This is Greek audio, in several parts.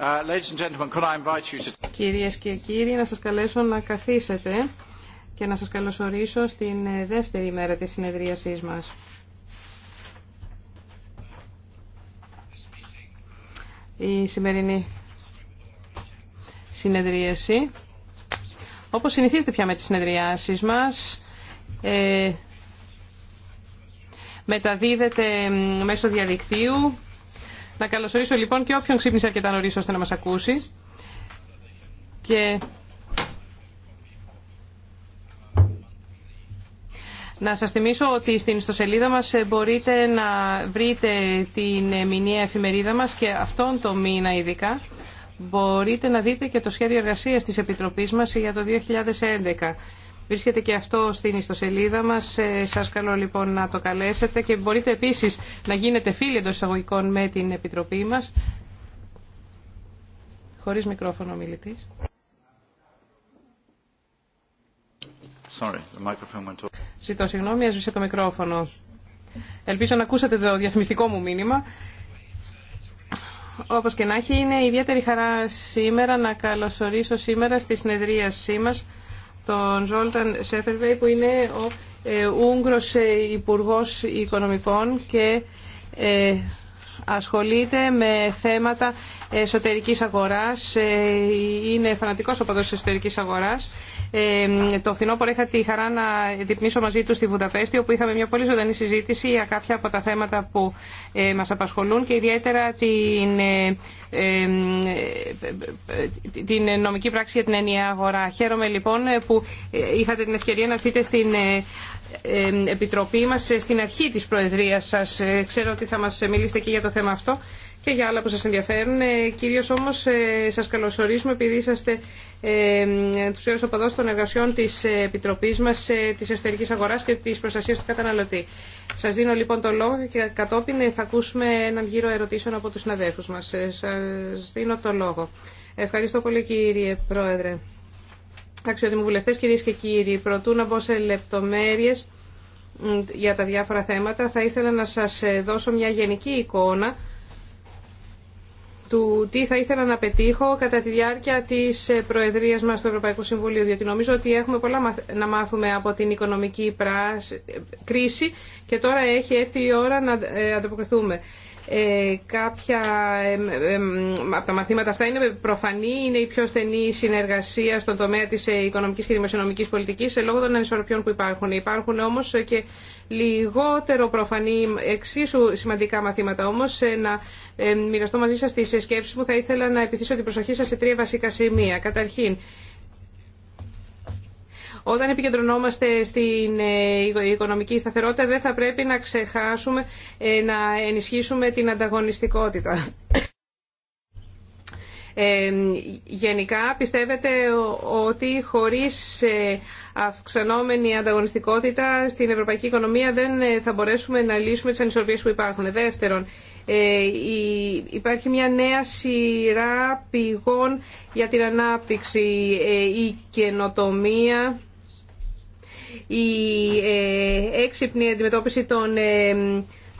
Uh, Κυρίες και κύριοι, να σας καλέσω να καθίσετε και να σας καλωσορίσω στην ε, δεύτερη μέρα της συνεδρίασής μας. Η σημερινή συνεδρίαση, όπως συνηθίζεται πια με τις συνεδριάσεις μας, ε, μεταδίδεται μέσω διαδικτύου να καλωσορίσω λοιπόν και όποιον ξύπνησε αρκετά νωρίς ώστε να μας ακούσει. Και Να σας θυμίσω ότι στην ιστοσελίδα μας μπορείτε να βρείτε την μηνιαία εφημερίδα μας και αυτόν το μήνα ειδικά μπορείτε να δείτε και το σχέδιο εργασίας της Επιτροπής μας για το 2011. Βρίσκεται και αυτό στην ιστοσελίδα μας. Ε, σας καλώ λοιπόν να το καλέσετε και μπορείτε επίσης να γίνετε φίλοι εντό εισαγωγικών με την Επιτροπή μας. Χωρίς μικρόφωνο μιλητής. Sorry, the microphone Ζητώ συγγνώμη, έσβησε το μικρόφωνο. Ελπίζω να ακούσατε το διαφημιστικό μου μήνυμα. Όπως και να έχει, είναι ιδιαίτερη χαρά σήμερα να καλωσορίσω σήμερα στη συνεδρίασή μας τον Ζόλταν Σέφερβεϊ που είναι ο ε, Ούγγρος ε, Υπουργός Οικονομικών και ε, ασχολείται με θέματα εσωτερικής αγοράς, ε, είναι φανατικός οπαδός της εσωτερικής αγοράς το φθινόπωρο είχα τη χαρά να διπνήσω μαζί του στη Βουδαπέστη, όπου είχαμε μια πολύ ζωντανή συζήτηση για κάποια από τα θέματα που ε, μας απασχολούν και ιδιαίτερα την, ε, ε, την νομική πράξη για την ενιαία αγορά. Χαίρομαι λοιπόν που είχατε την ευκαιρία να έρθετε στην Επιτροπή μας στην αρχή της Προεδρίας σας. Ξέρω ότι θα μα μιλήσετε και για το θέμα αυτό και για άλλα που σας ενδιαφέρουν. Ε, κυρίως όμως ε, σας καλωσορίζουμε επειδή είσαστε ε, ενθουσιώδης οπαδός των εργασιών της Επιτροπής μας, της εσωτερικής αγοράς και της προστασίας του καταναλωτή. Σας δίνω λοιπόν το λόγο και κατόπιν θα ακούσουμε έναν γύρο ερωτήσεων από τους συναδέλφους μας. Σας δίνω το λόγο. Ευχαριστώ πολύ κύριε Πρόεδρε. Αξιότιμοι βουλευτές, κύριε και κύριοι, προτού να μπω σε λεπτομέρειες για τα διάφορα θέματα, θα ήθελα να σας δώσω μια γενική εικόνα του τι θα ήθελα να πετύχω κατά τη διάρκεια της ε, Προεδρίας μας στο Ευρωπαϊκό Συμβουλίο, διότι νομίζω ότι έχουμε πολλά να μάθουμε από την οικονομική κρίση και τώρα έχει έρθει η ώρα να ε, ανταποκριθούμε. Ε, κάποια από τα μαθήματα αυτά είναι προφανή, είναι η πιο στενή συνεργασία στον τομέα της ε, οικονομικής και δημοσιονομικής πολιτικής ε, λόγω των ανισορροπιών που υπάρχουν. Υπάρχουν όμως και λιγότερο προφανή εξίσου σημαντικά μαθήματα όμως να μοιραστώ μαζί σας τις σκέψεις μου θα ήθελα να επιστήσω την προσοχή σας σε τρία βασικά σημεία. Καταρχήν, όταν επικεντρωνόμαστε στην ε, οικονομική σταθερότητα δεν θα πρέπει να ξεχάσουμε ε, να ενισχύσουμε την ανταγωνιστικότητα. Ε, γενικά πιστεύετε ότι χωρίς αυξανόμενη ανταγωνιστικότητα στην ευρωπαϊκή οικονομία δεν θα μπορέσουμε να λύσουμε τις ανισορροπίες που υπάρχουν. Δεύτερον, ε, υπάρχει μια νέα σειρά πηγών για την ανάπτυξη, η καινοτομία η ε, έξυπνη αντιμετώπιση των, ε,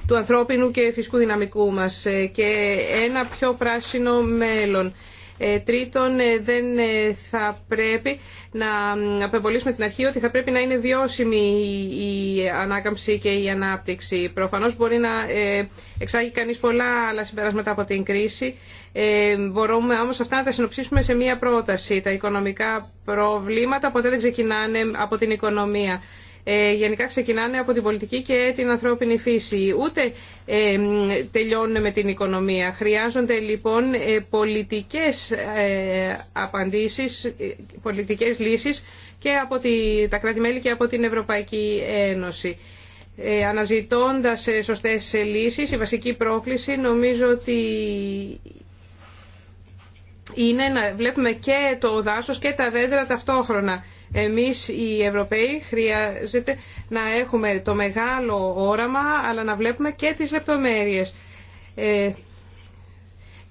του ανθρώπινου και φυσικού δυναμικού μας ε, και ένα πιο πράσινο μέλλον. Ε, τρίτον, ε, δεν ε, θα πρέπει να απεμπολίσουμε την αρχή ότι θα πρέπει να είναι βιώσιμη η ανάκαμψη και η ανάπτυξη. Προφανώς μπορεί να εξάγει κανείς πολλά άλλα συμπεράσματα από την κρίση. Μπορούμε όμως αυτά να τα συνοψίσουμε σε μία πρόταση. Τα οικονομικά προβλήματα ποτέ δεν ξεκινάνε από την οικονομία. Ε, γενικά ξεκινάνε από την πολιτική και την ανθρώπινη φύση. Ούτε ε, τελειώνουν με την οικονομία. Χρειάζονται λοιπόν ε, πολιτικές απαντήσεις, πολιτικές λύσεις και από τα κράτη-μέλη και από την Ευρωπαϊκή Ένωση. Αναζητώντας σωστές λύσεις, η βασική πρόκληση νομίζω ότι είναι να βλέπουμε και το δάσος και τα δέντρα ταυτόχρονα εμείς οι Ευρωπαίοι χρειάζεται να έχουμε το μεγάλο όραμα, αλλά να βλέπουμε και τις λεπτομέρειες. Ε,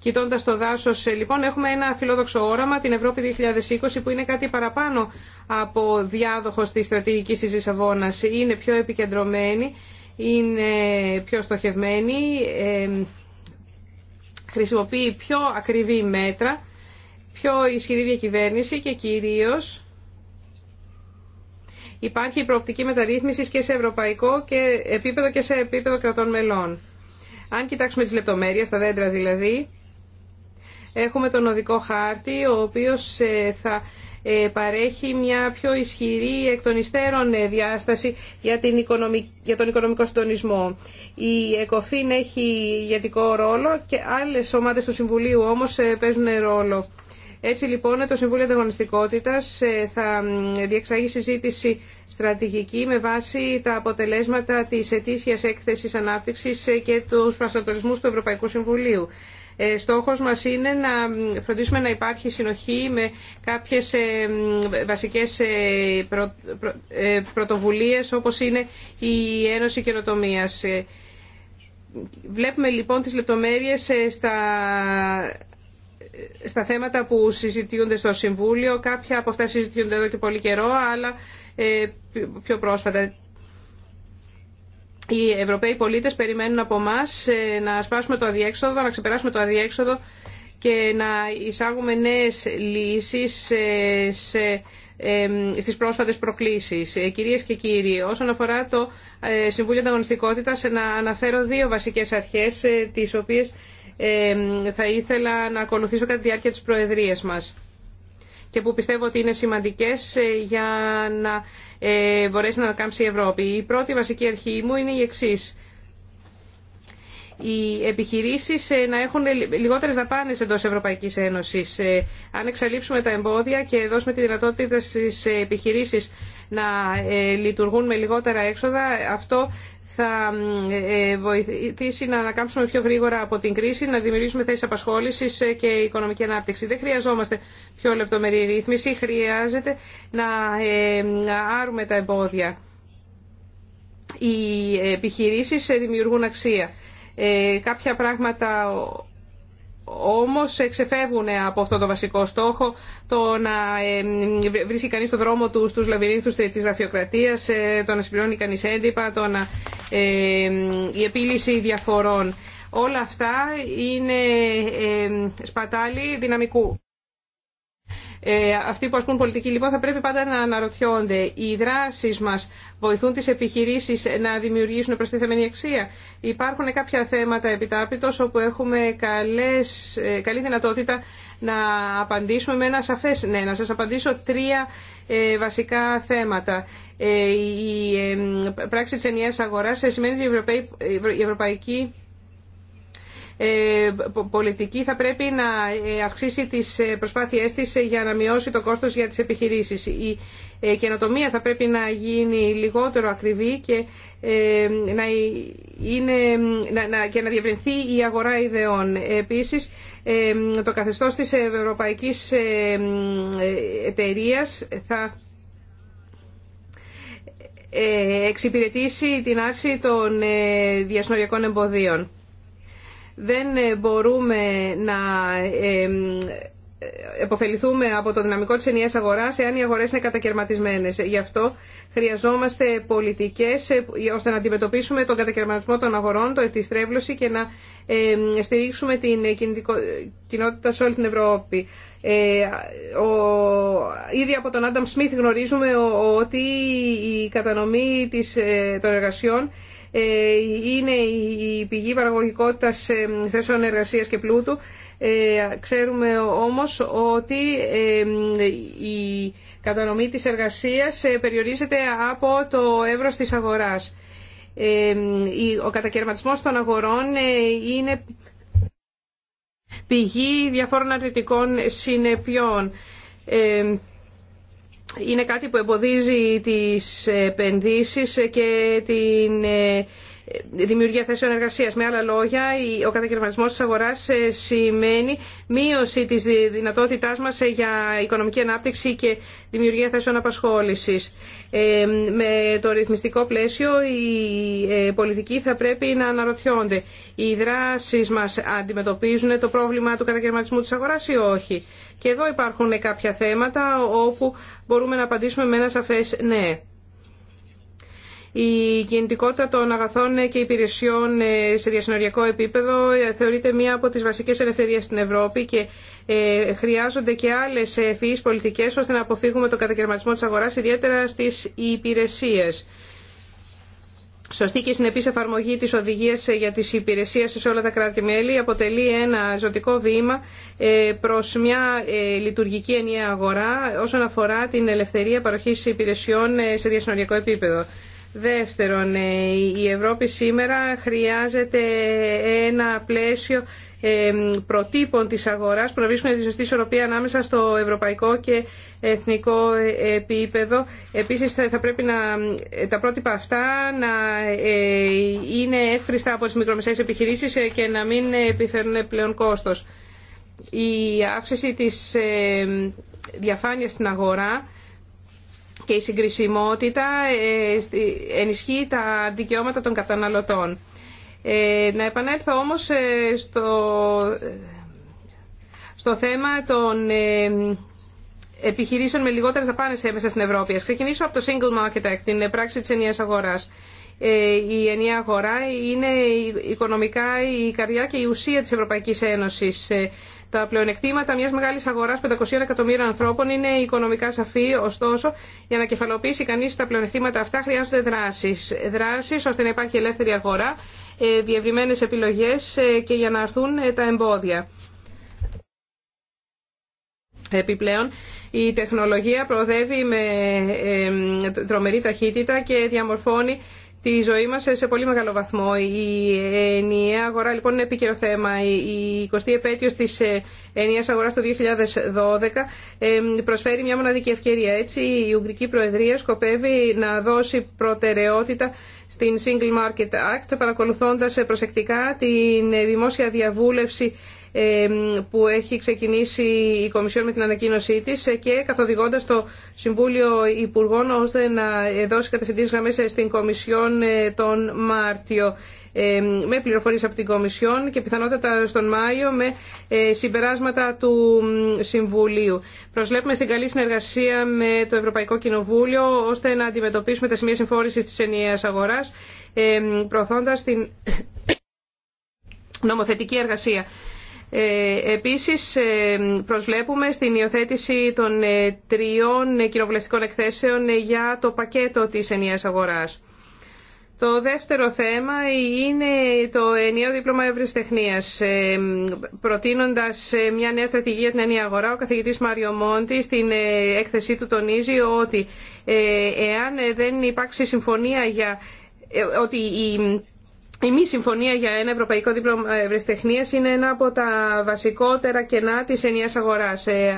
Κοιτώντα το δάσο, ε, λοιπόν, έχουμε ένα φιλόδοξο όραμα, την Ευρώπη 2020, που είναι κάτι παραπάνω από διάδοχο της στρατηγική τη Λισαβόνα. Είναι πιο επικεντρωμένη, είναι πιο στοχευμένη, ε, χρησιμοποιεί πιο ακριβή μέτρα, πιο ισχυρή διακυβέρνηση και κυρίως υπάρχει προοπτική μεταρρύθμιση και σε ευρωπαϊκό και επίπεδο και σε επίπεδο κρατών μελών. Αν κοιτάξουμε τι λεπτομέρειες, τα δέντρα δηλαδή, έχουμε τον οδικό χάρτη, ο οποίος ε, θα ε, παρέχει μια πιο ισχυρή εκ των υστέρων ε, διάσταση για, την για τον οικονομικό συντονισμό. Η ΕΚΟΦΗΝ έχει ηγετικό ρόλο και άλλες ομάδες του Συμβουλίου όμως παίζουν ρόλο. Έτσι λοιπόν το Συμβούλιο Ανταγωνιστικότητας ε, θα διεξάγει συζήτηση στρατηγική με βάση τα αποτελέσματα τη ετήσια έκθεσης ανάπτυξη ε, και τους προσανατολισμούς του Ευρωπαϊκού Συμβουλίου. Ε, στόχος μας είναι να φροντίσουμε να υπάρχει συνοχή με κάποιες βασικές πρωτοβουλίες όπως είναι η Ένωση Καινοτομίας. Βλέπουμε λοιπόν τις λεπτομέρειες στα στα θέματα που συζητούνται στο Συμβούλιο. Κάποια από αυτά συζητιούνται εδώ και πολύ καιρό, αλλά ε, πιο πρόσφατα. Οι Ευρωπαίοι πολίτες περιμένουν από εμά να σπάσουμε το αδιέξοδο, να ξεπεράσουμε το αδιέξοδο και να εισάγουμε νέες λύσεις ε, σε ε, στις πρόσφατες προκλήσεις. Κυρίες και κύριοι, όσον αφορά το Συμβούλιο Ανταγωνιστικότητας, να αναφέρω δύο βασικές αρχές, τις οποίες θα ήθελα να ακολουθήσω κατά τη διάρκεια της Προεδρίας μας και που πιστεύω ότι είναι σημαντικές ε, για να ε, μπορέσει να ανακάμψει η Ευρώπη. Η πρώτη βασική αρχή μου είναι η εξής οι επιχειρήσεις ε, να έχουν λιγότερες δαπάνες εντός Ευρωπαϊκής Ένωσης. Ε, αν εξαλείψουμε τα εμπόδια και δώσουμε τη δυνατότητα στις ε, επιχειρήσεις να λειτουργούν με λιγότερα έξοδα, αυτό θα βοηθήσει να ανακάμψουμε πιο γρήγορα από την κρίση, να δημιουργήσουμε θέσει απασχόληση και οικονομική ανάπτυξη. Δεν χρειαζόμαστε πιο λεπτομερή ρύθμιση, χρειάζεται να άρουμε τα εμπόδια. Οι επιχειρήσεις δημιουργούν αξία. Ε, κάποια πράγματα όμως εξεφεύγουν από αυτό το βασικό στόχο το να ε, βρίσκει κανείς το δρόμο του στους λαβυρίνθους της γραφειοκρατίας, ε, το να συμπληρώνει κανείς έντυπα, το να, η επίλυση διαφορών. Όλα αυτά είναι σπατάλη δυναμικού. Ε, αυτοί που ασκούν πολιτική λοιπόν θα πρέπει πάντα να αναρωτιόνται. Οι δράσει μα βοηθούν τι επιχειρήσει να δημιουργήσουν προστιθεμένη αξία. Υπάρχουν κάποια θέματα επιτάπητο όπου έχουμε καλές, ε, καλή δυνατότητα να απαντήσουμε με ένα σαφέ ναι. Να σα απαντήσω τρία ε, βασικά θέματα. Ε, η πράξη τη ενιαία αγορά σημαίνει ότι η Ευρωπαϊκή ε, πολιτική θα πρέπει να ε, αυξήσει τις ε, προσπάθειές της για να μειώσει το κόστος για τις επιχειρήσεις. Η καινοτομία θα πρέπει να γίνει λιγότερο ακριβή και να, είναι, και να διευρυνθεί η αγορά ιδεών. Επίσης, το καθεστώς της Ευρωπαϊκής εταιρεία θα εξυπηρετήσει την άρση των διασυνοριακών εμποδίων δεν ε, μπορούμε να ε, ε, εποφεληθούμε από το δυναμικό της ενιαίας αγοράς εάν οι αγορές είναι κατακαιρματισμένες. Γι' αυτό χρειαζόμαστε πολιτικές ώστε να αντιμετωπίσουμε τον κατακαιρματισμό των αγορών, το ετιστρέβλωση και να στηρίξουμε την κοινότητα σε όλη την Ευρώπη. ο, ήδη από τον Άνταμ Σμιθ γνωρίζουμε ότι η κατανομή της, των εργασιών ε, είναι η πηγή παραγωγικότητας ε, θέσεων εργασίας και πλούτου. Ε, ξέρουμε όμως ότι η κατανομή της εργασίας περιορίζεται από το εύρος της αγοράς. Ο κατακαιρματισμός των αγορών είναι πηγή διαφόρων αρνητικών συνεπειών είναι κάτι που εμποδίζει τις επενδύσεις και την ε, ε, δημιουργία θέσεων εργασίας. Με άλλα λόγια, ο κατακαιρματισμός της αγοράς ε, σημαίνει μείωση της δυνατότητάς μας ε, για οικονομική ανάπτυξη και δημιουργία θέσεων απασχόλησης. Με το ρυθμιστικό πλαίσιο, οι πολιτικοί θα πρέπει να αναρωτιόνται. Οι δράσεις μας αντιμετωπίζουν το πρόβλημα του κατακαιρματισμού της αγοράς ή όχι. Και εδώ υπάρχουν κάποια θέματα όπου μπορούμε να απαντήσουμε με ένα σαφές ναι. Η κινητικότητα των αγαθών και υπηρεσιών ε, σε διασυνοριακό επίπεδο ε, θεωρείται μία από τις βασικές ελευθερίες στην Ευρώπη και ε, χρειάζονται και άλλες ευφυείς πολιτικές ώστε να αποφύγουμε τον κατακαιρματισμό της αγοράς, ιδιαίτερα στις υπηρεσίες. Σωστή και συνεπής εφαρμογή της οδηγίας για τις υπηρεσίες σε όλα τα κράτη-μέλη αποτελεί ένα ζωτικό βήμα προς μια λειτουργική ενιαία αγορά όσον αφορά την ελευθερία παροχής υπηρεσιών σε διασυνοριακό επίπεδο. Δεύτερον, ε, η Ευρώπη σήμερα χρειάζεται ένα πλαίσιο ε, προτύπων της αγοράς που να βρίσκουν τη σωστή ισορροπία ανάμεσα στο ευρωπαϊκό και εθνικό ε, επίπεδο. Επίσης θα πρέπει να, τα πρότυπα αυτά να είναι εύχριστα από τις μικρομεσαίες επιχειρήσεις και να μην επιφέρουν πλέον κόστος. Η αύξηση της διαφάνειας στην αγορά και η συγκρισιμότητα ε, ενισχύει τα δικαιώματα των καταναλωτών. Ε, να επανέλθω όμως ε, στο, στο θέμα των επιχειρήσεων με λιγότερε δαπάνε μέσα στην Ευρώπη. Ας ξεκινήσω από το Single Market Act, την πράξη τη αγοράς. αγορά. η ενιαία αγορά είναι οικονομικά η καρδιά και η ουσία τη Ευρωπαϊκή Ένωση. Τα πλεονεκτήματα μιας μεγάλης αγοράς 500 εκατομμύρων ανθρώπων είναι οικονομικά σαφή, ωστόσο για να κεφαλοποιήσει κανείς τα πλεονεκτήματα αυτά χρειάζονται δράσεις. Δράσεις ώστε να υπάρχει ελεύθερη αγορά, ε, διευρυμένες επιλογές ε, και για να έρθουν ε, τα εμπόδια. Επιπλέον, η τεχνολογία προοδεύει με τρομερή ταχύτητα και διαμορφώνει τη ζωή μας σε πολύ μεγάλο βαθμό. Η ενιαία αγορά λοιπόν είναι επίκαιρο θέμα. Η 20η επέτειος της ε, ενιαίας αγοράς το 2012 προσφέρει μια μοναδική ευκαιρία. Έτσι η Ουγγρική Προεδρία σκοπεύει να δώσει προτεραιότητα στην Single Market Act παρακολουθώντας ε, προσεκτικά την ε, δημόσια διαβούλευση που έχει ξεκινήσει η Κομισιόν με την ανακοίνωσή τη. και καθοδηγώντας το Συμβούλιο Υπουργών ώστε να δώσει κατευθυντήρες γραμμέ στην Κομισιόν ε, τον Μάρτιο με πληροφορίες από την Κομισιόν και πιθανότατα στον Μάιο με ε, συμπεράσματα του Συμβουλίου. Προσλέπουμε στην καλή συνεργασία με το Ευρωπαϊκό Κοινοβούλιο ώστε να αντιμετωπίσουμε τα σημεία συμφόρησης της ενιαίας αγοράς προωθώντας την νομοθετική εργασία. Ε, επίσης ε, προσβλέπουμε στην υιοθέτηση των ε, τριών κοινοβουλευτικών εκθέσεων για το πακέτο της ενιαίας αγοράς. Το δεύτερο θέμα είναι το ενιαίο δίπλωμα ευρεσιτεχνία. Προτείνοντα μια νέα στρατηγία για την ενιαία αγορά, ο καθηγητής Μάριο Μόντι στην έκθεσή του τονίζει ότι εάν δεν υπάρξει συμφωνία για ότι η μη συμφωνία για ένα ευρωπαϊκό δίπλωμα ε, ευρεσιτεχνία είναι ένα από τα βασικότερα κενά τη ενιαία αγορά. Ε,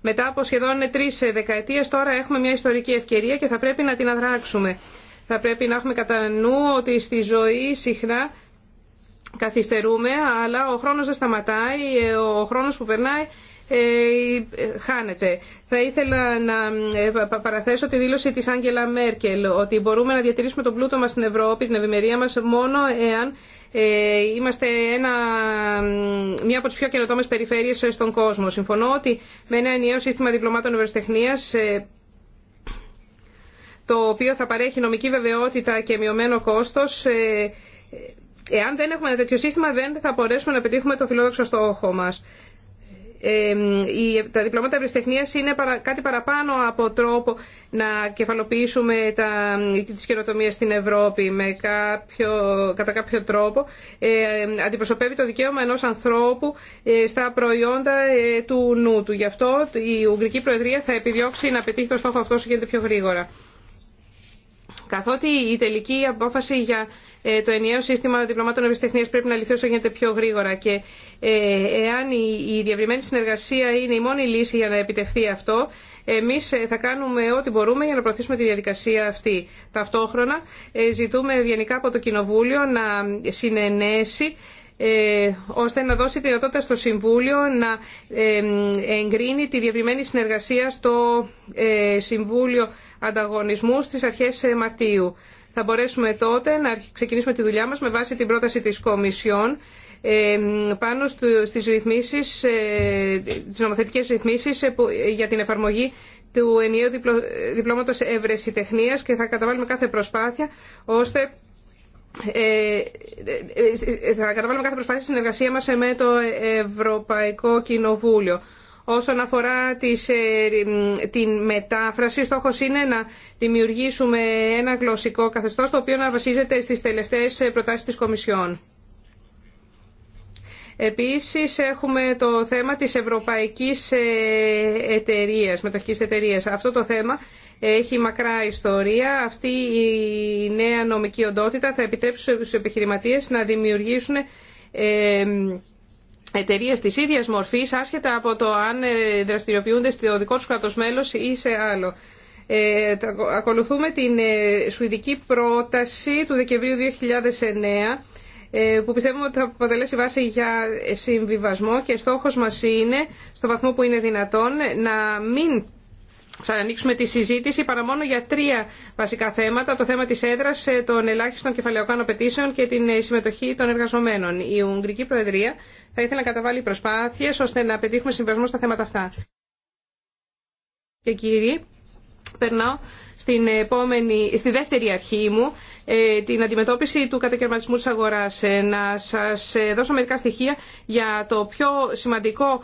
μετά από σχεδόν τρει ε, δεκαετίε τώρα έχουμε μια ιστορική ευκαιρία και θα πρέπει να την αδράξουμε. Θα πρέπει να έχουμε κατά νου ότι στη ζωή συχνά καθυστερούμε, αλλά ο χρόνο δεν σταματάει. Ο χρόνο που περνάει ε, ε, χάνεται. Θα ήθελα να ε, παραθέσω τη δήλωση της Άγγελα Μέρκελ ότι μπορούμε να διατηρήσουμε τον πλούτο μας στην Ευρώπη, την ευημερία μας μόνο εάν είμαστε ένα, μία από τις πιο καινοτόμες περιφέρειες στον κόσμο. Συμφωνώ ότι με ένα ενιαίο σύστημα διπλωμάτων ευρωστεχνίας το οποίο θα παρέχει νομική βεβαιότητα και μειωμένο κόστος εάν δεν έχουμε ένα τέτοιο σύστημα δεν θα μπορέσουμε να πετύχουμε το φιλόδοξο στόχο μας τα διπλώματα ευρεσιτεχνίας είναι κάτι παραπάνω από τρόπο να κεφαλοποιήσουμε τα, τις καινοτομίες στην Ευρώπη με κάποιο, κατά κάποιο τρόπο. αντιπροσωπεύει το δικαίωμα ενός ανθρώπου ε, στα προϊόντα ε, του νου του. Γι' αυτό η Ουγγρική Προεδρία θα επιδιώξει να πετύχει το στόχο αυτό όσο γίνεται πιο γρήγορα. Καθότι η τελική απόφαση για ε, το ενιαίο σύστημα διπλωμάτων ευρεσιτεχνία πρέπει να λυθεί όσο γίνεται πιο γρήγορα και ε, εάν η διευρυμένη συνεργασία είναι η μόνη λύση για να επιτευχθεί αυτό, εμεί ε, θα κάνουμε ό,τι μπορούμε για να προωθήσουμε τη διαδικασία αυτή. Ταυτόχρονα ζητούμε ευγενικά από το Κοινοβούλιο να συνενέσει ώστε να δώσει τη δυνατότητα στο Συμβούλιο να εγκρίνει τη διευρυμένη συνεργασία στο Συμβούλιο ανταγωνισμού στις αρχές ε, Μαρτίου. Θα μπορέσουμε τότε να ξεκινήσουμε τη δουλειά μας με βάση την πρόταση της Κομισιόν ε, πάνω στις ρυθμίσεις, ε, τις νομοθετικές ρυθμίσεις για την εφαρμογή του ενιαίου διπλώματο τεχνίας και θα καταβάλουμε κάθε προσπάθεια ώστε θα καταβάλουμε κάθε προσπάθεια στη συνεργασία μας με το Ευρωπαϊκό Κοινοβούλιο. Όσον αφορά τις, ε, την μετάφραση, στόχος είναι να δημιουργήσουμε ένα γλωσσικό καθεστώς το οποίο να βασίζεται στις τελευταίες ε, προτάσεις της Κομισιόν. Επίσης έχουμε το θέμα της Ευρωπαϊκής ε, Εταιρείας, Μεταρχικής Εταιρείας. Αυτό το θέμα έχει μακρά ιστορία. Αυτή η νέα νομική οντότητα θα επιτρέψει στους επιχειρηματίες να δημιουργήσουν εταιρείε τη ίδια μορφή, άσχετα από το αν ε, δραστηριοποιούνται στο δικό του κράτο μέλο ή σε άλλο. Ε, ακολουθούμε την ε, σουηδική πρόταση του Δεκεμβρίου 2009 ε, που πιστεύουμε ότι θα αποτελέσει βάση για συμβιβασμό και στόχος μας είναι, στο βαθμό που είναι δυνατόν, να μην ξανανοίξουμε τη συζήτηση παρά μόνο για τρία βασικά θέματα. Το θέμα της έδρας, ε, των ελάχιστων κεφαλαιοκάνω απαιτήσεων και την ε, συμμετοχή των εργαζομένων. Η Ουγγρική Προεδρία θα ήθελε να καταβάλει προσπάθειες ώστε να πετύχουμε συμβασμό στα θέματα αυτά. Και κύριοι, περνάω στην επόμενη, στη δεύτερη αρχή μου, ε, την αντιμετώπιση του κατακαιρματισμού της αγοράς. Ε, να σας ε, δώσω μερικά στοιχεία για το πιο σημαντικό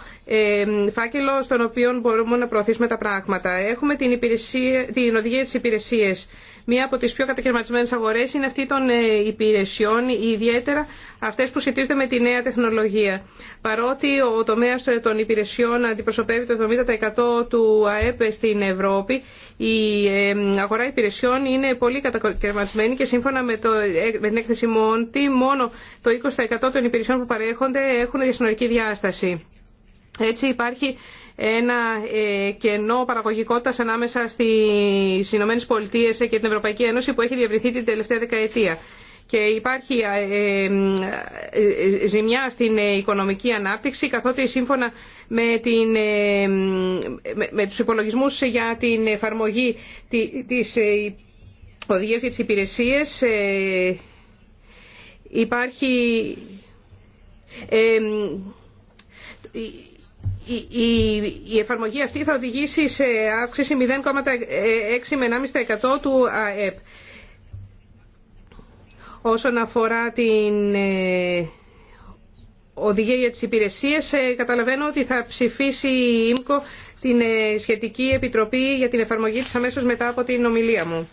φάκελο στον οποίο μπορούμε να προωθήσουμε τα πράγματα. Έχουμε την, υπηρεσία, την οδηγία της υπηρεσίας. Μία από τις πιο κατακαιρματισμένες αγορές είναι αυτή των υπηρεσιών, ιδιαίτερα αυτές που σχετίζονται με τη νέα τεχνολογία. Παρότι ο τομέας των υπηρεσιών αντιπροσωπεύει το 70% του ΑΕΠ στην Ευρώπη, η αγορά υπηρεσιών είναι πολύ κατακαιρματισμένη και σύμφωνα με, το, με την έκθεση Μόντι, μόνο το 20% των υπηρεσιών που παρέχονται έχουν διασυνορική διάσταση. Έτσι υπάρχει ένα ε, κενό παραγωγικότητας ανάμεσα στις Ηνωμένες Πολιτείες και την Ευρωπαϊκή Ένωση που έχει διευρυνθεί την τελευταία δεκαετία. Και υπάρχει ε, ε, ζημιά στην οικονομική ανάπτυξη, καθότι σύμφωνα με, την, με τους υπολογισμούς για την εφαρμογή της Οδηγίες για τις υπηρεσίες ε, υπάρχει... η, εφαρμογή αυτή θα οδηγήσει σε αύξηση 0,6 με 1,5% του ΑΕΠ. Όσον αφορά την ε, οδηγία για τις υπηρεσίες, ε, καταλαβαίνω ότι θα ψηφίσει η ΜΚΟ την σχετική επιτροπή για την εφαρμογή της αμέσως μετά από την ομιλία μου.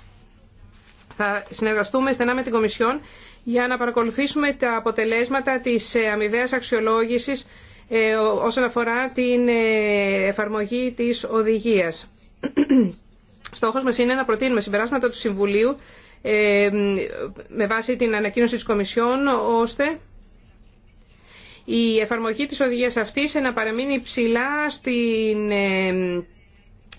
Θα συνεργαστούμε στενά με την Κομισιόν για να παρακολουθήσουμε τα αποτελέσματα της ε, αμοιβαία αξιολόγησης ε, όσον αφορά την ε, εφαρμογή της οδηγίας. Στόχος μας είναι να προτείνουμε συμπεράσματα του Συμβουλίου με βάση την ανακοίνωση της Κομισιόν, ώστε η εφαρμογή της οδηγίας αυτής να παραμείνει ψηλά στην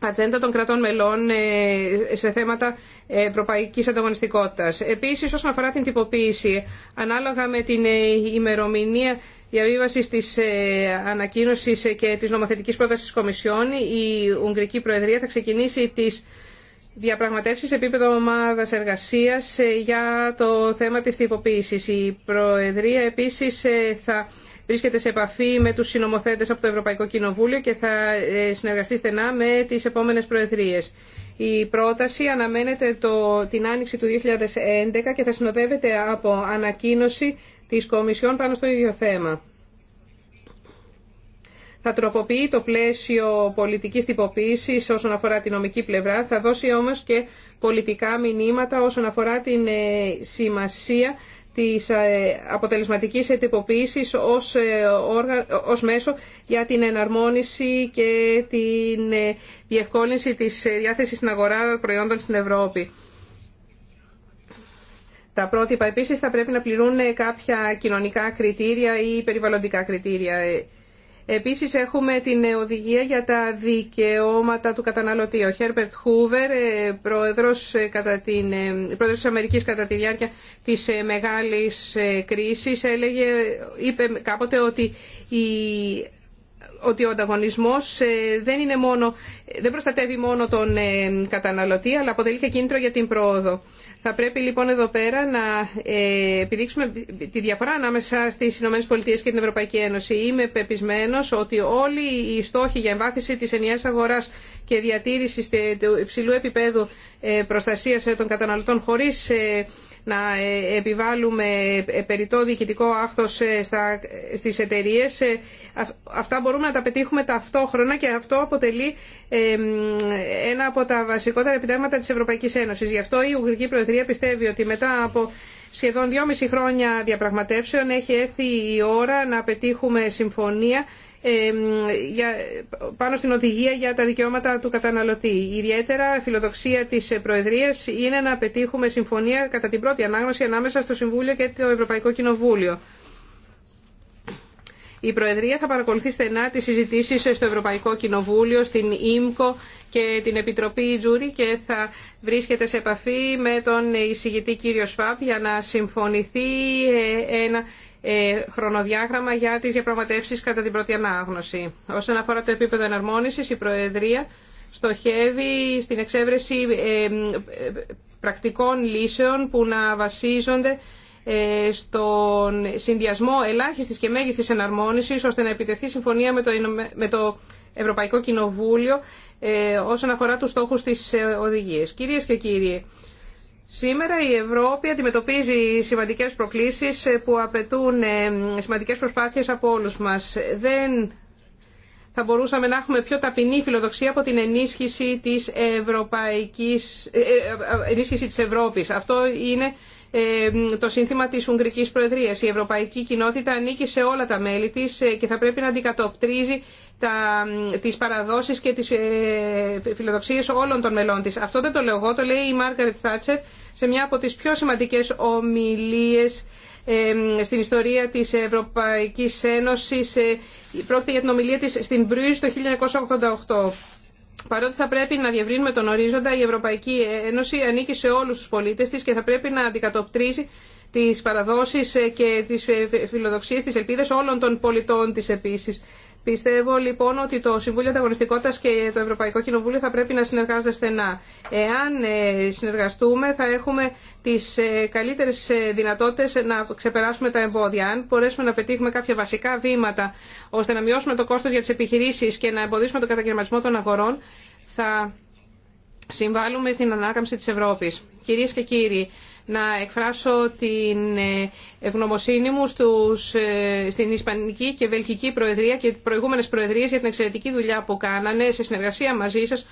ατζέντα των κρατών μελών ε, σε θέματα ε, ευρωπαϊκής ανταγωνιστικότητας. Επίσης, όσον αφορά την τυποποίηση, ανάλογα με την ε, ημερομηνία διαβίβασης της ανακοίνωσης και της νομοθετικής πρότασης της Κομισιόν, η Ουγγρική Προεδρία θα ξεκινήσει τις διαπραγματεύσεις σε επίπεδο ομάδας εργασίας ε, για το θέμα της τυποποίησης. Η Προεδρία επίσης ε, θα βρίσκεται σε επαφή με τους συνομοθέτες από το Ευρωπαϊκό Κοινοβούλιο και θα ε, συνεργαστεί στενά με τις επόμενες Προεδρίες. Η πρόταση αναμένεται το, την άνοιξη του 2011 και θα συνοδεύεται από ανακοίνωση της Κομισιόν πάνω στο ίδιο θέμα θα τροποποιεί το πλαίσιο πολιτικής τυποποίησης όσον αφορά την νομική πλευρά, θα δώσει όμως και πολιτικά μηνύματα όσον αφορά την ε, σημασία της ε, αποτελεσματικής ετυποποίησης ως, ε, ως μέσο για την εναρμόνιση και την διευκόλυνση της διάθεσης στην αγορά προϊόντων στην Ευρώπη. Τα πρότυπα επίσης θα πρέπει να πληρούν κάποια κοινωνικά κριτήρια ή περιβαλλοντικά κριτήρια. Επίσης έχουμε την οδηγία για τα δικαιώματα του καταναλωτή. Ο Χέρπερτ Χούβερ, πρόεδρος, ε, κατά την, ε, πρόεδρος της Αμερικής κατά τη διάρκεια της ε, μεγάλης κρίσης, έλεγε, είπε κάποτε ότι η ότι ο ανταγωνισμός ε, δεν, είναι μόνο, δεν προστατεύει μόνο τον ε, καταναλωτή, αλλά αποτελεί και κίνητρο για την πρόοδο. Θα πρέπει λοιπόν εδώ πέρα να ε, επιδείξουμε τη διαφορά ανάμεσα στις ΗΠΑ και την Ευρωπαϊκή Ένωση. Είμαι πεπισμένο ότι όλοι οι στόχοι για εμβάθυνση της ενιαίας αγοράς και διατήρηση του υψηλού επίπεδου προστασίας των καταναλωτών χωρίς να ε, επιβάλλουμε ε, περιττό διοικητικό άχθος ε, στις εταιρείες. Αυτά μπορούμε να τα πετύχουμε ταυτόχρονα και αυτό αποτελεί ένα από τα βασικότερα επιτεύγματα της Ευρωπαϊκής Ένωσης. Γι' αυτό η Ουγγρική Προεδρία πιστεύει ότι μετά από σχεδόν δυόμιση χρόνια διαπραγματεύσεων έχει έρθει η ώρα να πετύχουμε συμφωνία πάνω στην οδηγία για τα δικαιώματα του καταναλωτή. Ιδιαίτερα φιλοδοξία της Προεδρίας είναι να πετύχουμε συμφωνία κατά την πρώτη ανάγνωση ανάμεσα στο Συμβούλιο και το Ευρωπαϊκό Κοινοβούλιο. Η Προεδρία θα παρακολουθεί στενά τις συζητήσεις στο Ευρωπαϊκό Κοινοβούλιο, στην ΙΜΚΟ και την Επιτροπή Τζούρι και θα βρίσκεται σε επαφή με τον εισηγητή κύριο Σφάπ για να συμφωνηθεί ε, ένα ε, χρονοδιάγραμμα για τις διαπραγματεύσεις κατά την πρώτη ανάγνωση. Όσον αφορά το επίπεδο εναρμόνισης, η Προεδρία στοχεύει στην εξέβρεση ε, πρακτικών λύσεων που να βασίζονται ε, στον συνδυασμό ελάχιστης και μέγιστη εναρμόνιση, ώστε να επιτευχθεί συμφωνία με το Ευρωπαϊκό Κοινοβούλιο ε, όσον αφορά του στόχου της ε, οδηγίας. Κυρίες και κύριοι, Σήμερα η Ευρώπη αντιμετωπίζει σημαντικές προκλήσεις που απαιτούν σημαντικές προσπάθειες από όλους μας. Δεν θα μπορούσαμε να έχουμε πιο ταπεινή φιλοδοξία από την ενίσχυση της, Ευρωπαϊκής, ενίσχυση της Ευρώπης. Αυτό είναι ε, το σύνθημα της Ουγγρικής Προεδρίας. Η ευρωπαϊκή κοινότητα ανήκει σε όλα τα μέλη της ε, και θα πρέπει να αντικατοπτρίζει τα, τις παραδόσεις και τις ε, φιλοδοξίες όλων των μελών της. Αυτό δεν το λέω εγώ, το λέει η Μάργαρετ Θάτσερ σε μια από τις πιο σημαντικές ομιλίες στην ιστορία της Ευρωπαϊκής Ένωσης. Πρόκειται για την ομιλία της στην το 1988. Παρότι θα πρέπει να διευρύνουμε τον ορίζοντα, η Ευρωπαϊκή Ένωση ανήκει σε όλους τους πολίτες της και θα πρέπει να αντικατοπτρίζει τις παραδόσεις και τις φιλοδοξίες, τις ελπίδες όλων των πολιτών της επίσης. Πιστεύω λοιπόν ότι το Συμβούλιο Ανταγωνιστικότητα και το Ευρωπαϊκό Κοινοβούλιο θα πρέπει να συνεργάζονται στενά. Εάν ε, συνεργαστούμε, θα έχουμε τι ε, καλύτερε δυνατότητε να ξεπεράσουμε τα εμπόδια. Αν μπορέσουμε να πετύχουμε κάποια βασικά βήματα ώστε να μειώσουμε το κόστο για τι επιχειρήσει και να εμποδίσουμε τον κατακαιρματισμό των αγορών, θα συμβάλλουμε στην ανάκαμψη τη Ευρώπη. Κυρίε και κύριοι, να εκφράσω την ε, ευγνωμοσύνη μου στους, ε, στην Ισπανική και Βελγική Προεδρία και προηγούμενες προεδρίες για την εξαιρετική δουλειά που κάνανε σε συνεργασία μαζί σας